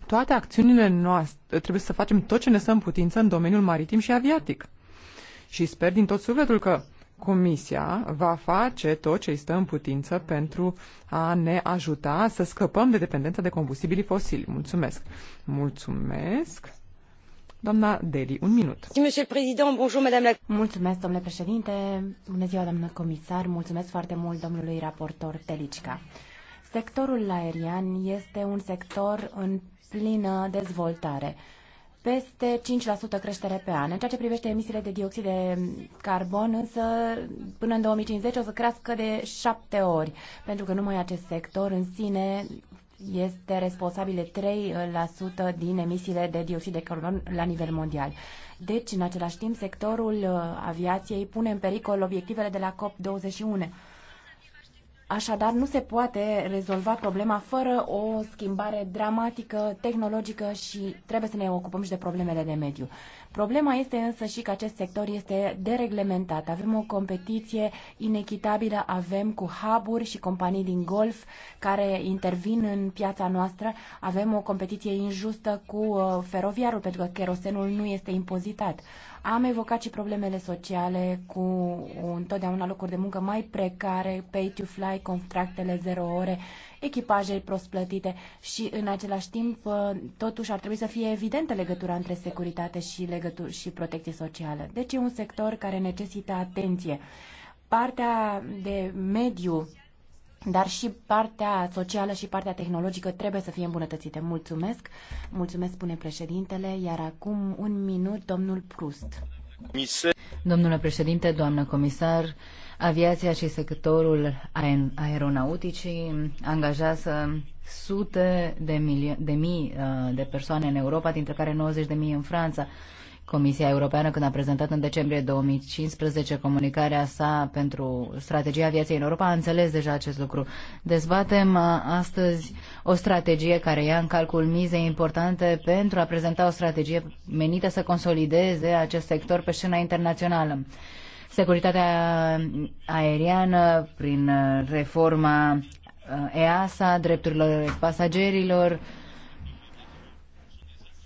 Speaker 4: toate acțiunile noastre, trebuie să facem tot ce ne stă în putință în domeniul maritim și aviatic. Și sper din tot sufletul că Comisia va face tot ce îi stă în putință pentru a ne ajuta să scăpăm de dependența de combustibili fosili. Mulțumesc! Mulțumesc! Doamna Deli, un minut.
Speaker 2: Mulțumesc, domnule președinte. Bună ziua, doamnă comisar. Mulțumesc foarte mult domnului raportor Telicica. Sectorul aerian este un sector în plină dezvoltare peste 5% creștere pe an. În ceea ce privește emisiile de dioxid de carbon, însă până în 2050 o să crească de șapte ori, pentru că numai acest sector în sine este responsabil de 3% din emisiile de dioxid de carbon la nivel mondial. Deci, în același timp, sectorul uh, aviației pune în pericol obiectivele de la COP21. Așadar, nu se poate rezolva problema fără o schimbare dramatică, tehnologică și trebuie să ne ocupăm și de problemele de mediu. Problema este însă și că acest sector este dereglementat. Avem o competiție inechitabilă, avem cu hub și companii din golf care intervin în piața noastră, avem o competiție injustă cu uh, feroviarul pentru că kerosenul nu este impozitat. Am evocat și problemele sociale cu întotdeauna locuri de muncă mai precare, pay to fly, contractele zero ore, echipaje prost plătite și în același timp uh, totuși ar trebui să fie evidentă legătura între securitate și, legătur- și protecție socială. Deci e un sector care necesită atenție. Partea de mediu dar și partea socială și partea tehnologică trebuie să fie îmbunătățite. Mulțumesc, mulțumesc, spune președintele, iar acum un minut, domnul Prust.
Speaker 1: Domnule președinte, doamnă comisar, Aviația și sectorul aeronauticii angajează sute de, milio- de mii uh, de persoane în Europa, dintre care 90 de mii în Franța. Comisia Europeană, când a prezentat în decembrie 2015 comunicarea sa pentru strategia aviației în Europa, a înțeles deja acest lucru. Dezbatem uh, astăzi o strategie care ia în calcul mize importante pentru a prezenta o strategie menită să consolideze acest sector pe scena internațională securitatea aeriană, prin uh, reforma uh, EASA, drepturilor pasagerilor.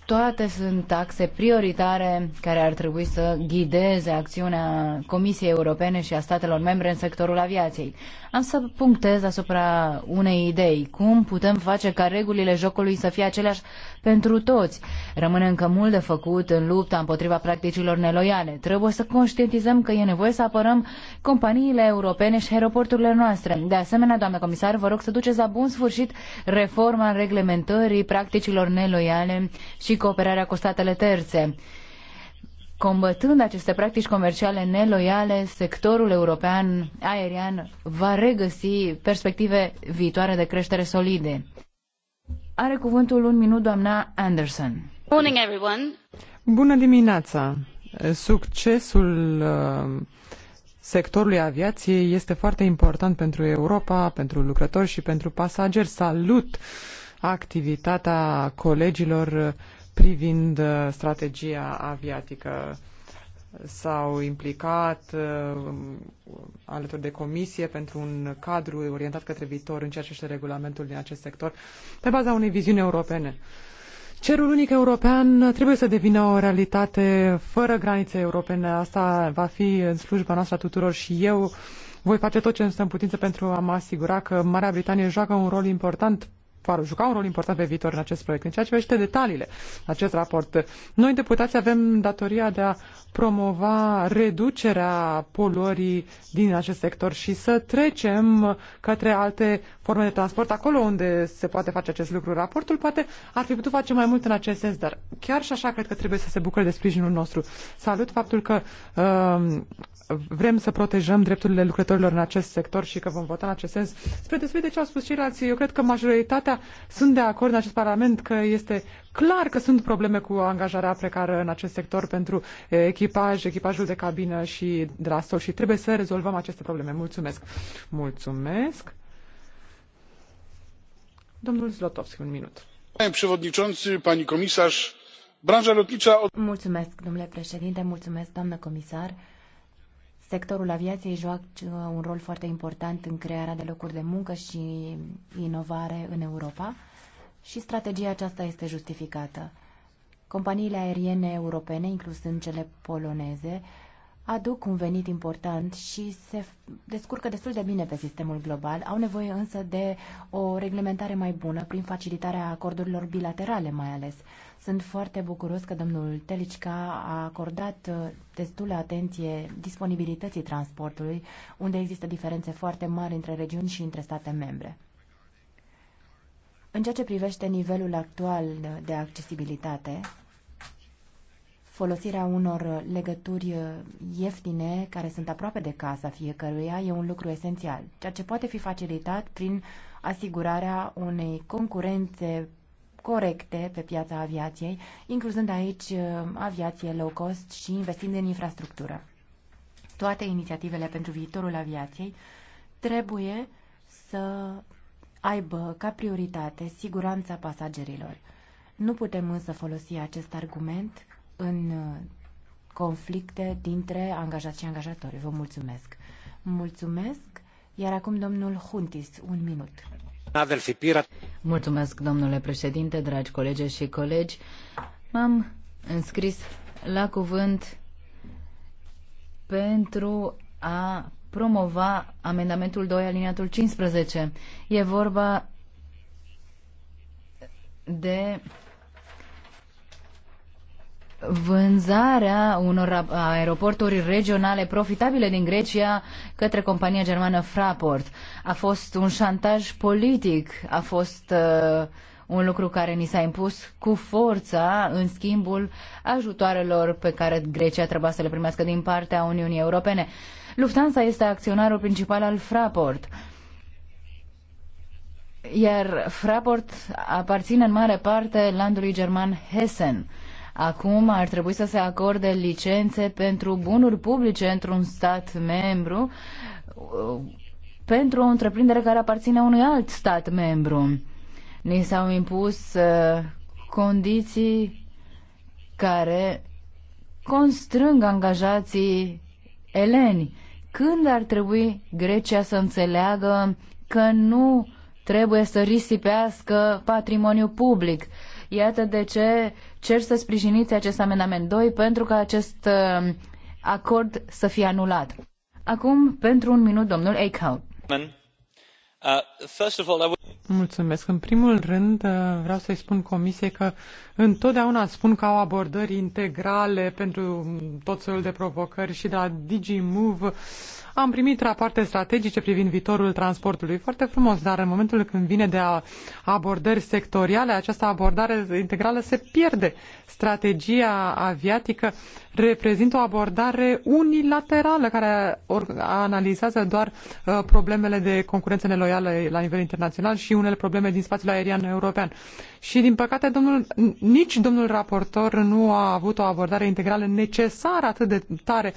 Speaker 1: Toate sunt taxe prioritare care ar trebui să ghideze acțiunea Comisiei Europene și a statelor membre în sectorul aviației. Am să punctez asupra unei idei. Cum putem face ca regulile jocului să fie aceleași pentru toți? Rămâne încă mult de făcut în lupta împotriva practicilor neloiale. Trebuie să conștientizăm că e nevoie să apărăm companiile europene și aeroporturile noastre. De asemenea, doamnă comisar, vă rog să duceți la bun sfârșit reforma reglementării practicilor neloiale și cooperarea cu statele terțe. Combătând aceste practici comerciale neloiale, sectorul european aerian va regăsi perspective viitoare de creștere solide. Are cuvântul un minut doamna
Speaker 4: Anderson.
Speaker 3: Morning, everyone.
Speaker 4: Bună dimineața! Succesul uh, sectorului aviației este foarte important pentru Europa, pentru lucrători și pentru pasageri. Salut activitatea colegilor privind uh, strategia aviatică. S-au implicat uh, alături de comisie pentru un cadru orientat către viitor în ceea ce este regulamentul din acest sector, pe baza unei viziuni europene. Cerul unic european trebuie să devină o realitate fără granițe europene. Asta va fi în slujba noastră tuturor și eu voi face tot ce îmi stă în putință pentru a mă asigura că Marea Britanie joacă un rol important va juca un rol important pe viitor în acest proiect. În ceea ce privește detaliile acest raport, noi deputații avem datoria de a promova reducerea poluării din acest sector și să trecem către alte forme de transport acolo unde se poate face acest lucru. Raportul poate ar fi putut face mai mult în acest sens, dar chiar și așa cred că trebuie să se bucure de sprijinul nostru. Salut faptul că um, vrem să protejăm drepturile lucrătorilor în acest sector și că vom vota în acest sens. Spre despre ce au spus ceilalți, eu cred că majoritatea sunt de acord în acest Parlament că este clar că sunt probleme cu angajarea precară în acest sector pentru echipaj, echipajul de cabină și de la sol și trebuie să rezolvăm aceste probleme. Mulțumesc! Mulțumesc! un minut.
Speaker 2: Mulțumesc, domnule președinte, mulțumesc, doamnă comisar. Sectorul aviației joacă un rol foarte important în crearea de locuri de muncă și inovare în Europa și strategia aceasta este justificată. Companiile aeriene europene, inclusând cele poloneze, aduc un venit important și se descurcă destul de bine pe sistemul global, au nevoie însă de o reglementare mai bună prin facilitarea acordurilor bilaterale mai ales. Sunt foarte bucuros că domnul Telicca a acordat uh, destulă atenție disponibilității transportului, unde există diferențe foarte mari între regiuni și între state membre. În ceea ce privește nivelul actual de accesibilitate, folosirea unor legături uh, ieftine care sunt aproape de casa fiecăruia e un lucru esențial, ceea ce poate fi facilitat prin asigurarea unei concurențe corecte pe piața aviației, incluzând aici uh, aviație low cost și investind în infrastructură. Toate inițiativele pentru viitorul aviației trebuie să aibă ca prioritate siguranța pasagerilor. Nu putem însă folosi acest argument în uh, conflicte dintre
Speaker 1: angajați și angajatori. Vă mulțumesc. Mulțumesc. Iar acum domnul Huntis, un minut. Mulțumesc, domnule președinte, dragi colegi și colegi. M-am înscris la cuvânt pentru a promova amendamentul 2 aliniatul 15. E vorba de vânzarea unor aeroporturi regionale profitabile din Grecia către compania germană Fraport. A fost un șantaj politic, a fost uh, un lucru care ni s-a impus cu forța în schimbul ajutoarelor pe care Grecia trebuia să le primească din partea Uniunii Europene. Lufthansa este acționarul principal al Fraport. Iar Fraport aparține în mare parte landului german Hessen Acum ar trebui să se acorde licențe pentru bunuri publice într-un stat membru uh, pentru o întreprindere care aparține unui alt stat membru. Ni s-au impus uh, condiții care constrâng angajații eleni. Când ar trebui Grecia să înțeleagă că nu trebuie să risipească patrimoniul public? Iată de ce cer să sprijiniți acest amendament 2 pentru ca acest uh, acord să fie anulat. Acum, pentru un minut, domnul Eichhout. Uh,
Speaker 4: Mulțumesc. În primul rând, uh, vreau să-i spun comisiei că întotdeauna spun că au abordări integrale pentru tot felul de provocări și de la DigiMove am primit rapoarte strategice privind viitorul transportului. Foarte frumos, dar în momentul când vine de a abordări sectoriale, această abordare integrală se pierde. Strategia aviatică reprezintă o abordare unilaterală care analizează doar uh, problemele de concurență neloială la nivel internațional și unele probleme din spațiul aerian european. Și din păcate domnul, nici domnul raportor nu a avut o abordare integrală necesară atât de tare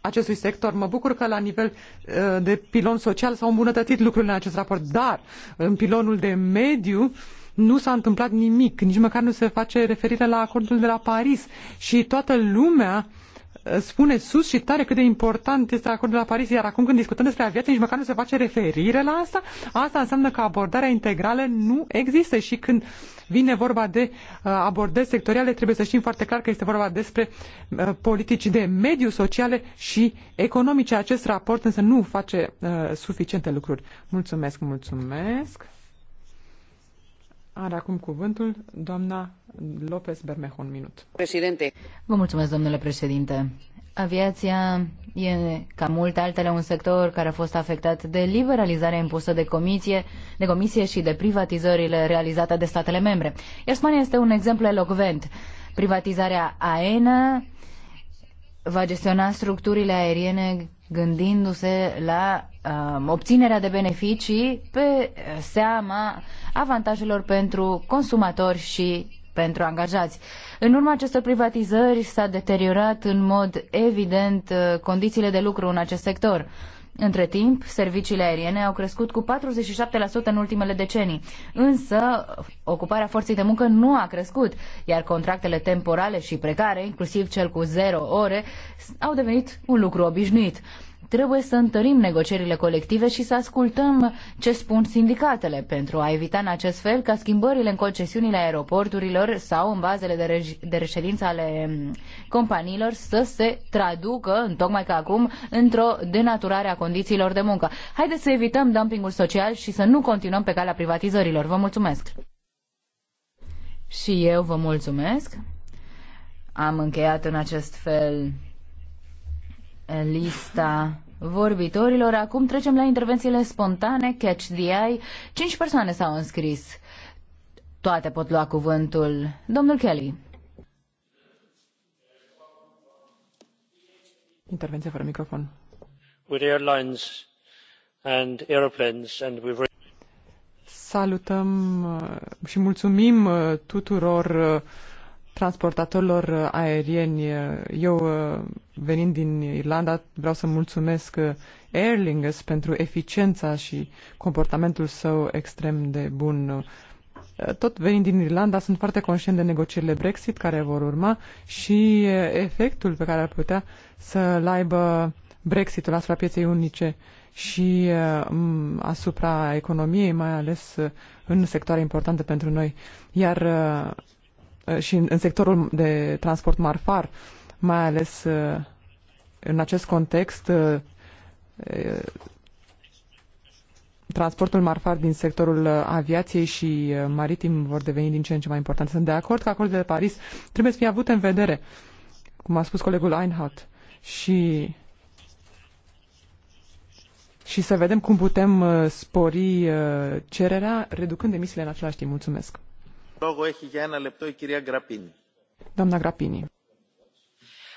Speaker 4: acestui sector. Mă bucur că la nivel uh, de pilon social s-au îmbunătățit lucrurile în acest raport, dar în pilonul de mediu nu s-a întâmplat nimic, nici măcar nu se face referire la acordul de la Paris și toată lumea spune sus și tare cât de important este acordul de la Paris, iar acum când discutăm despre aviație, nici măcar nu se face referire la asta. Asta înseamnă că abordarea integrală nu există și când vine vorba de uh, abordări sectoriale, trebuie să știm foarte clar că este vorba despre uh, politici de mediu, sociale și economice. Acest raport însă nu face uh, suficiente lucruri. Mulțumesc, mulțumesc. Are acum cuvântul doamna López Bermejo, un minut. Președinte. Vă mulțumesc, domnule președinte. Aviația
Speaker 1: e, ca multe altele, un sector care a fost afectat de liberalizarea impusă de comisie, de comisie și de privatizările realizate de statele membre. Iar Spania este un exemplu elocvent. Privatizarea AENA va gestiona structurile aeriene gândindu-se la uh, obținerea de beneficii pe seama avantajelor pentru consumatori și pentru angajați. În urma acestor privatizări s-a deteriorat în mod evident uh, condițiile de lucru în acest sector. Între timp, serviciile aeriene au crescut cu 47% în ultimele decenii, însă ocuparea forței de muncă nu a crescut, iar contractele temporale și precare, inclusiv cel cu zero ore, au devenit un lucru obișnuit. Trebuie să întărim negocierile colective și să ascultăm ce spun sindicatele pentru a evita în acest fel ca schimbările în concesiunile aeroporturilor sau în bazele de, reș- de reședință ale mm, companiilor să se traducă, în tocmai ca acum, într-o denaturare a condițiilor de muncă. Haideți să evităm dumpingul social și să nu continuăm pe calea privatizărilor. Vă mulțumesc! Și eu vă mulțumesc! Am încheiat în acest fel lista vorbitorilor. Acum trecem la intervențiile spontane, catch the eye. Cinci persoane s-au înscris. Toate pot lua cuvântul.
Speaker 4: Domnul Kelly. Intervenție fără microfon.
Speaker 2: With airlines and aeroplanes and
Speaker 3: we've
Speaker 4: Salutăm uh, și mulțumim uh, tuturor uh, transportatorilor aerieni. Eu venind din Irlanda, vreau să mulțumesc uh, Erlingus pentru eficiența și comportamentul său extrem de bun. Uh, tot venind din Irlanda, sunt foarte conștient de negocierile Brexit care vor urma și uh, efectul pe care ar putea să-l aibă Brexitul asupra pieței unice și asupra economiei, mai ales în sectoare importante pentru noi. Iar și în, sectorul de transport marfar, mai ales uh, în acest context uh, uh, transportul marfar din sectorul aviației și maritim vor deveni din ce în ce mai importante. Sunt de acord că acordul de Paris trebuie să fie avut în vedere, cum a spus colegul Einhardt, și, și să vedem cum putem spori cererea, reducând emisiile în același timp. Mulțumesc. Doamna Grapini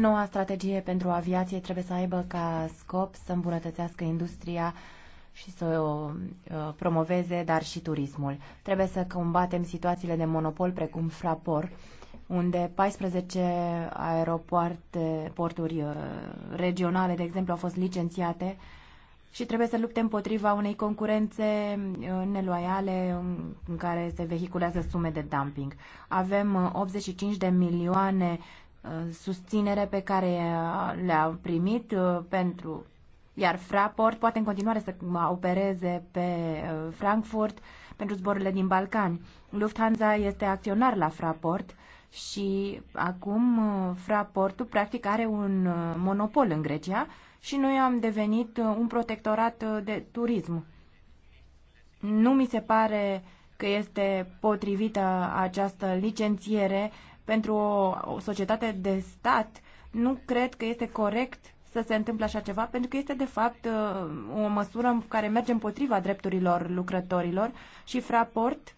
Speaker 2: Noua strategie pentru aviație trebuie să aibă ca scop să îmbunătățească industria și să o uh, promoveze, dar și turismul. Trebuie să combatem situațiile de monopol precum Fraport, unde 14 aeropoarte, porturi uh, regionale, de exemplu, au fost licențiate și trebuie să lupte împotriva unei concurențe uh, neloiale în care se vehiculează sume de dumping. Avem 85 de milioane susținere pe care uh, le-au primit uh, pentru iar Fraport poate în continuare să opereze pe uh, Frankfurt pentru zborurile din Balcani. Lufthansa este acționar la Fraport și acum Fraportul practic are un monopol în Grecia și noi am devenit un protectorat de turism. Nu mi se pare că este potrivită această licențiere pentru o, o societate de stat, nu cred că este corect să se întâmple așa ceva, pentru că este de fapt uh, o măsură în care merge împotriva drepturilor lucrătorilor și Fraport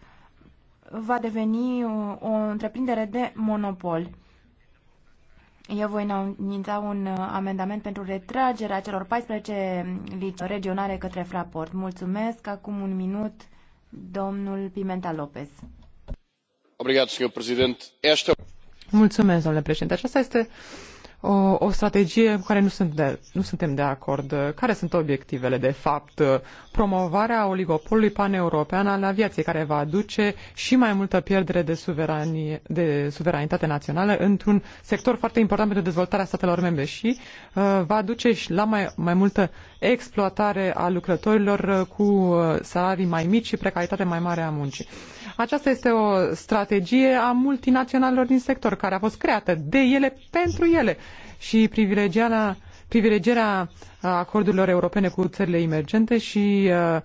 Speaker 2: va deveni o întreprindere de monopol. Eu voi înainta un uh, amendament pentru retragerea celor 14 licii regionale către Fraport. Mulțumesc. Acum un minut, domnul Pimenta Lopez.
Speaker 4: Mulțumesc, domnule președinte. Aceasta este o, strategie cu care nu, nu suntem de acord. Care sunt obiectivele, de fapt? Promovarea oligopolului paneuropean al aviației, care va aduce și mai multă pierdere de, de suveranitate națională într-un sector foarte important pentru dezvoltarea statelor membre și uh, va aduce și la mai, mai multă exploatare a lucrătorilor uh, cu uh, salarii mai mici și precaritate mai mare a muncii. Aceasta este o strategie a multinaționalilor din sector, care a fost creată de ele pentru ele și privilegiarea, privilegierea uh, acordurilor europene cu țările emergente și uh,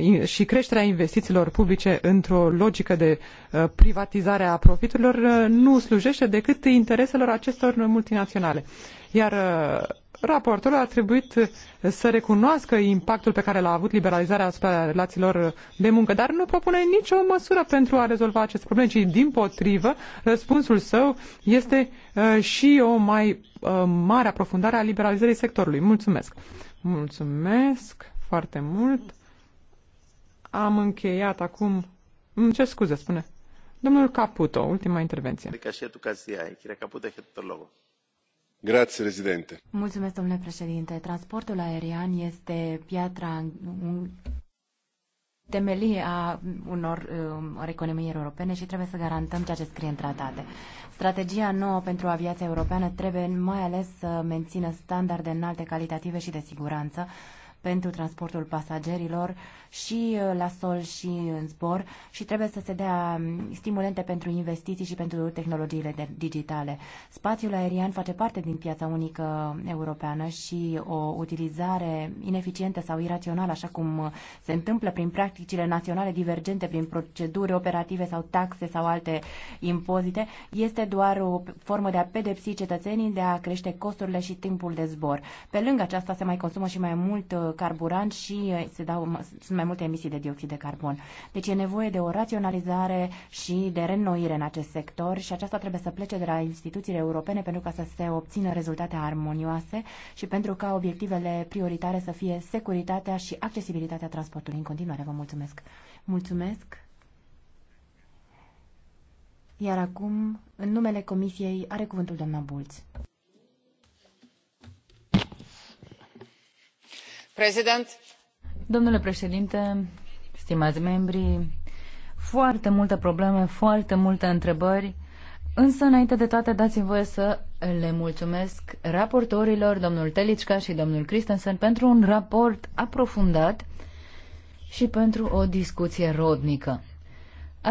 Speaker 4: uh, și creșterea investițiilor publice într-o logică de privatizare a profiturilor nu slujește decât intereselor acestor multinaționale. Iar raportorul a trebuit să recunoască impactul pe care l-a avut liberalizarea asupra relațiilor de muncă, dar nu propune nicio măsură pentru a rezolva aceste probleme, ci din potrivă, răspunsul său este uh, și o mai uh, mare aprofundare a liberalizării sectorului. Mulțumesc! Mulțumesc foarte mult! Am încheiat acum... Ce scuze spune? Domnul Caputo, ultima intervenție.
Speaker 3: Caputo,
Speaker 2: Mulțumesc, domnule președinte. Transportul aerian este piatra temelie a unor um, economii europene și trebuie să garantăm ceea ce scrie în tratate. Strategia nouă pentru aviația europeană trebuie mai ales să mențină standarde înalte calitative și de siguranță, pentru transportul pasagerilor și uh, la sol și în zbor și trebuie să se dea um, stimulente pentru investiții și pentru tehnologiile digitale. Spațiul aerian face parte din piața unică europeană și o utilizare ineficientă sau irațională, așa cum uh, se întâmplă prin practicile naționale divergente, prin proceduri operative sau taxe sau alte impozite, este doar o formă de a pedepsi cetățenii, de a crește costurile și timpul de zbor. Pe lângă aceasta se mai consumă și mai mult uh, carburant și eh, se dau, sunt mai multe emisii de dioxid de carbon. Deci e nevoie de o raționalizare și de reînnoire în acest sector și aceasta trebuie să plece de la instituțiile europene pentru ca să se obțină rezultate armonioase și pentru ca obiectivele prioritare să fie securitatea și accesibilitatea transportului. În continuare, vă mulțumesc. Mulțumesc. Iar acum, în numele Comisiei, are cuvântul doamna Bulț.
Speaker 1: Domnule președinte, stimați membri, foarte multe probleme, foarte multe întrebări, însă înainte de toate dați-mi voie să le mulțumesc raportorilor, domnul Telicca și domnul Christensen, pentru un raport aprofundat și pentru o discuție rodnică.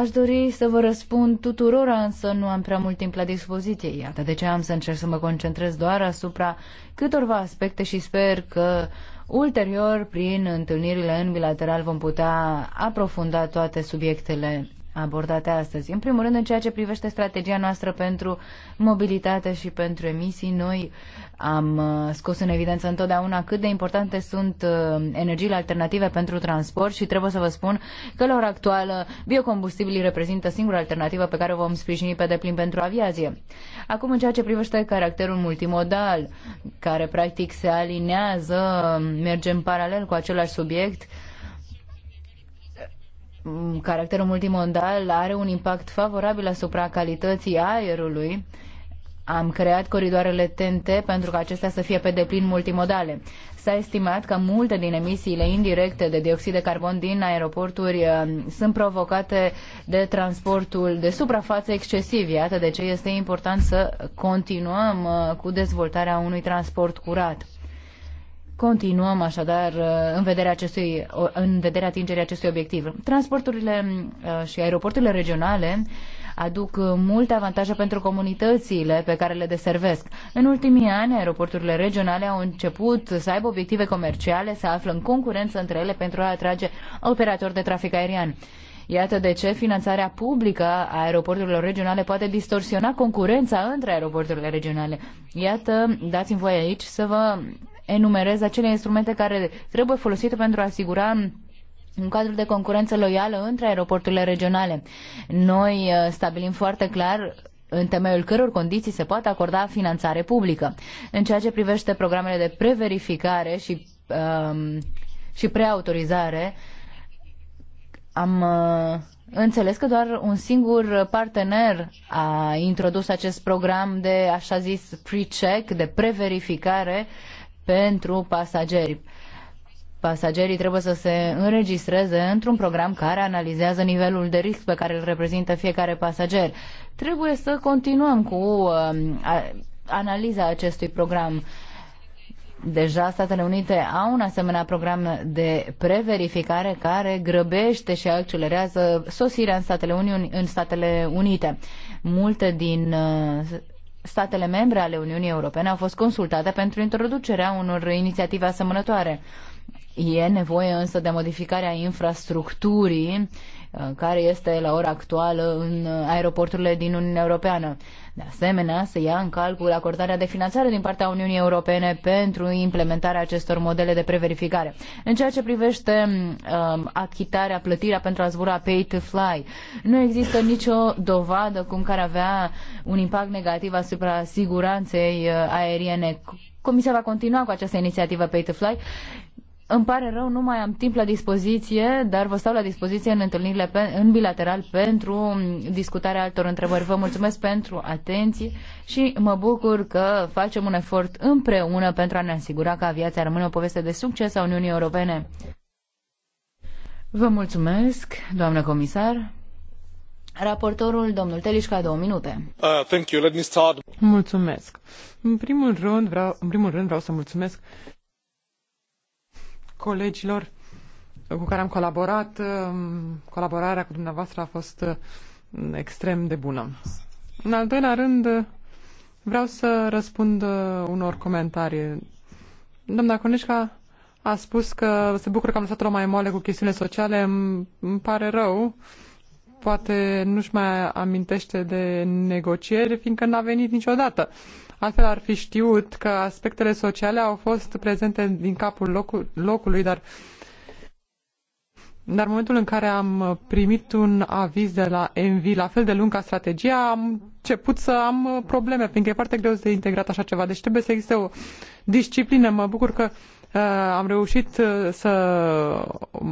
Speaker 1: Aș dori să vă răspund tuturora, însă nu am prea mult timp la dispoziție. Iată de ce am să încerc să mă concentrez doar asupra câtorva aspecte și sper că ulterior, prin întâlnirile în bilateral, vom putea aprofunda toate subiectele abordate astăzi. În primul rând, în ceea ce privește strategia noastră pentru mobilitate și pentru emisii, noi am uh, scos în evidență întotdeauna cât de importante sunt uh, energiile alternative pentru transport și trebuie să vă spun că la ora actuală biocombustibilii reprezintă singura alternativă pe care o vom sprijini pe deplin pentru aviație. Acum, în ceea ce privește caracterul multimodal, care practic se alinează, uh, merge în paralel cu același subiect, caracterul multimodal are un impact favorabil asupra calității aerului. Am creat coridoarele TNT pentru ca acestea să fie pe deplin multimodale. S-a estimat că multe din emisiile indirecte de dioxid de carbon din aeroporturi uh, sunt provocate de transportul de suprafață excesiv. Iată de ce este important să continuăm uh, cu dezvoltarea unui transport curat. Continuăm așadar uh, în vederea, acestui, în vederea atingerii acestui obiectiv. Transporturile uh, și aeroporturile regionale aduc uh, multe avantaje pentru comunitățile pe care le deservesc. În ultimii ani, aeroporturile regionale au început să aibă obiective comerciale, să află în concurență între ele pentru a atrage operatori de trafic aerian. Iată de ce finanțarea publică a aeroporturilor regionale poate distorsiona concurența între aeroporturile regionale. Iată, dați-mi voie aici să vă enumerez acele instrumente care trebuie folosite pentru a asigura un cadru de concurență loială între aeroporturile regionale. Noi uh, stabilim foarte clar în temeiul căror condiții se poate acorda finanțare publică. În ceea ce privește programele de preverificare și, um, și preautorizare, am uh, înțeles că doar un singur partener a introdus acest program de așa zis pre-check, de preverificare pentru pasageri. Pasagerii trebuie să se înregistreze într-un program care analizează nivelul de risc pe care îl reprezintă fiecare pasager. Trebuie să continuăm cu uh, analiza acestui program. Deja Statele Unite au un asemenea program de preverificare care grăbește și accelerează sosirea în Statele, Uniuni, în Statele Unite. Multe din uh, statele membre ale Uniunii Europene au fost consultate pentru introducerea unor inițiative asemănătoare. E nevoie însă de modificarea infrastructurii Uh, care este la ora actuală în uh, aeroporturile din Uniunea Europeană. De asemenea, se ia în calcul acordarea de finanțare din partea Uniunii Europene pentru implementarea acestor modele de preverificare. În ceea ce privește um, achitarea, plătirea pentru a zbura pay to fly, nu există nicio dovadă cum care avea un impact negativ asupra siguranței uh, aeriene Comisia va continua cu această inițiativă Pay to Fly îmi pare rău, nu mai am timp la dispoziție, dar vă stau la dispoziție în întâlnirile pe, în bilateral pentru discutarea altor întrebări. Vă mulțumesc pentru atenție și mă bucur că facem un efort împreună pentru a ne asigura că aviația rămâne o poveste de succes a Uniunii Europene. Vă mulțumesc, doamnă comisar. Raportorul, domnul Telișca, două minute.
Speaker 4: Uh, thank you. Let me start.
Speaker 1: Mulțumesc.
Speaker 4: În primul rând vreau, în primul rând vreau să mulțumesc colegilor cu care am colaborat. Um, colaborarea cu dumneavoastră a fost uh, extrem de bună. În al doilea rând, uh, vreau să răspund uh, unor comentarii. Doamna Coneșca a spus că se bucură că am lăsat-o mai moale cu chestiunile sociale. Îmi pare rău. Uh, poate nu-și mai amintește de negocieri, fiindcă n-a venit niciodată. Altfel ar fi știut că aspectele sociale au fost prezente din capul locu- locului, dar dar momentul în care am primit un aviz de la Envi, la fel de lung ca strategia, am început să am probleme, fiindcă e foarte greu de integrat așa ceva. Deci trebuie să existe o disciplină. Mă bucur că uh, am reușit uh, să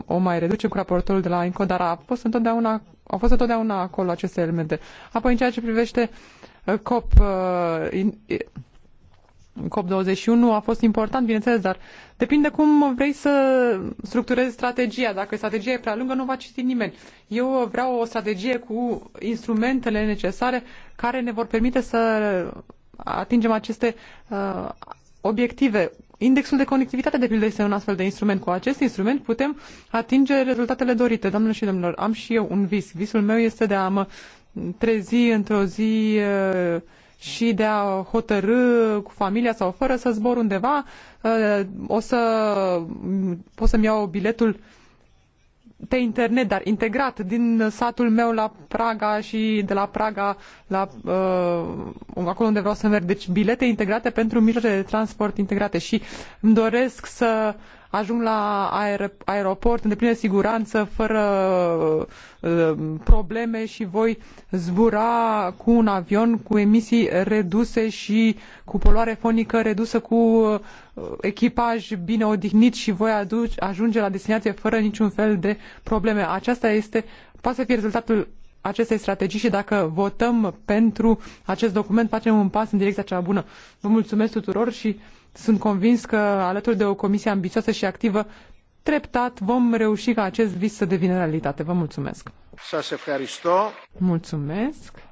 Speaker 4: o mai reducem cu raportorul de la Inco, dar a fost întotdeauna au fost întotdeauna acolo aceste elemente. Apoi, în ceea ce privește uh, COP, uh, COP21 a fost important, bineînțeles, dar depinde cum vrei să structurezi strategia. Dacă strategia e prea lungă, nu va citi nimeni. Eu vreau o strategie cu instrumentele necesare care ne vor permite să atingem aceste uh, obiective. Indexul de conectivitate, de pildă, este un astfel de instrument. Cu acest instrument putem atinge rezultatele dorite. Doamnelor și domnilor, am și eu un vis. Visul meu este de a mă trezi într-o zi eh, și de a hotărâ cu familia sau fără să zbor undeva. Eh, o să pot să-mi iau biletul pe internet, dar integrat din satul meu la Praga și de la Praga la uh, acolo unde vreau să merg. Deci bilete integrate pentru mijloace de transport integrate și îmi doresc să uh, ajung la aer, aeroport în deplină siguranță, fără uh, probleme și voi zbura cu un avion cu emisii reduse și cu poluare fonică redusă, cu uh, echipaj bine odihnit și voi ajunge la destinație fără niciun fel de probleme. Aceasta este, poate să fie rezultatul acestei strategii și dacă votăm pentru acest document, facem un pas în direcția cea bună. Vă mulțumesc tuturor și sunt convins că alături de o comisie ambițioasă și activă, treptat vom reuși ca acest vis să devină realitate. Vă mulțumesc! Mulțumesc!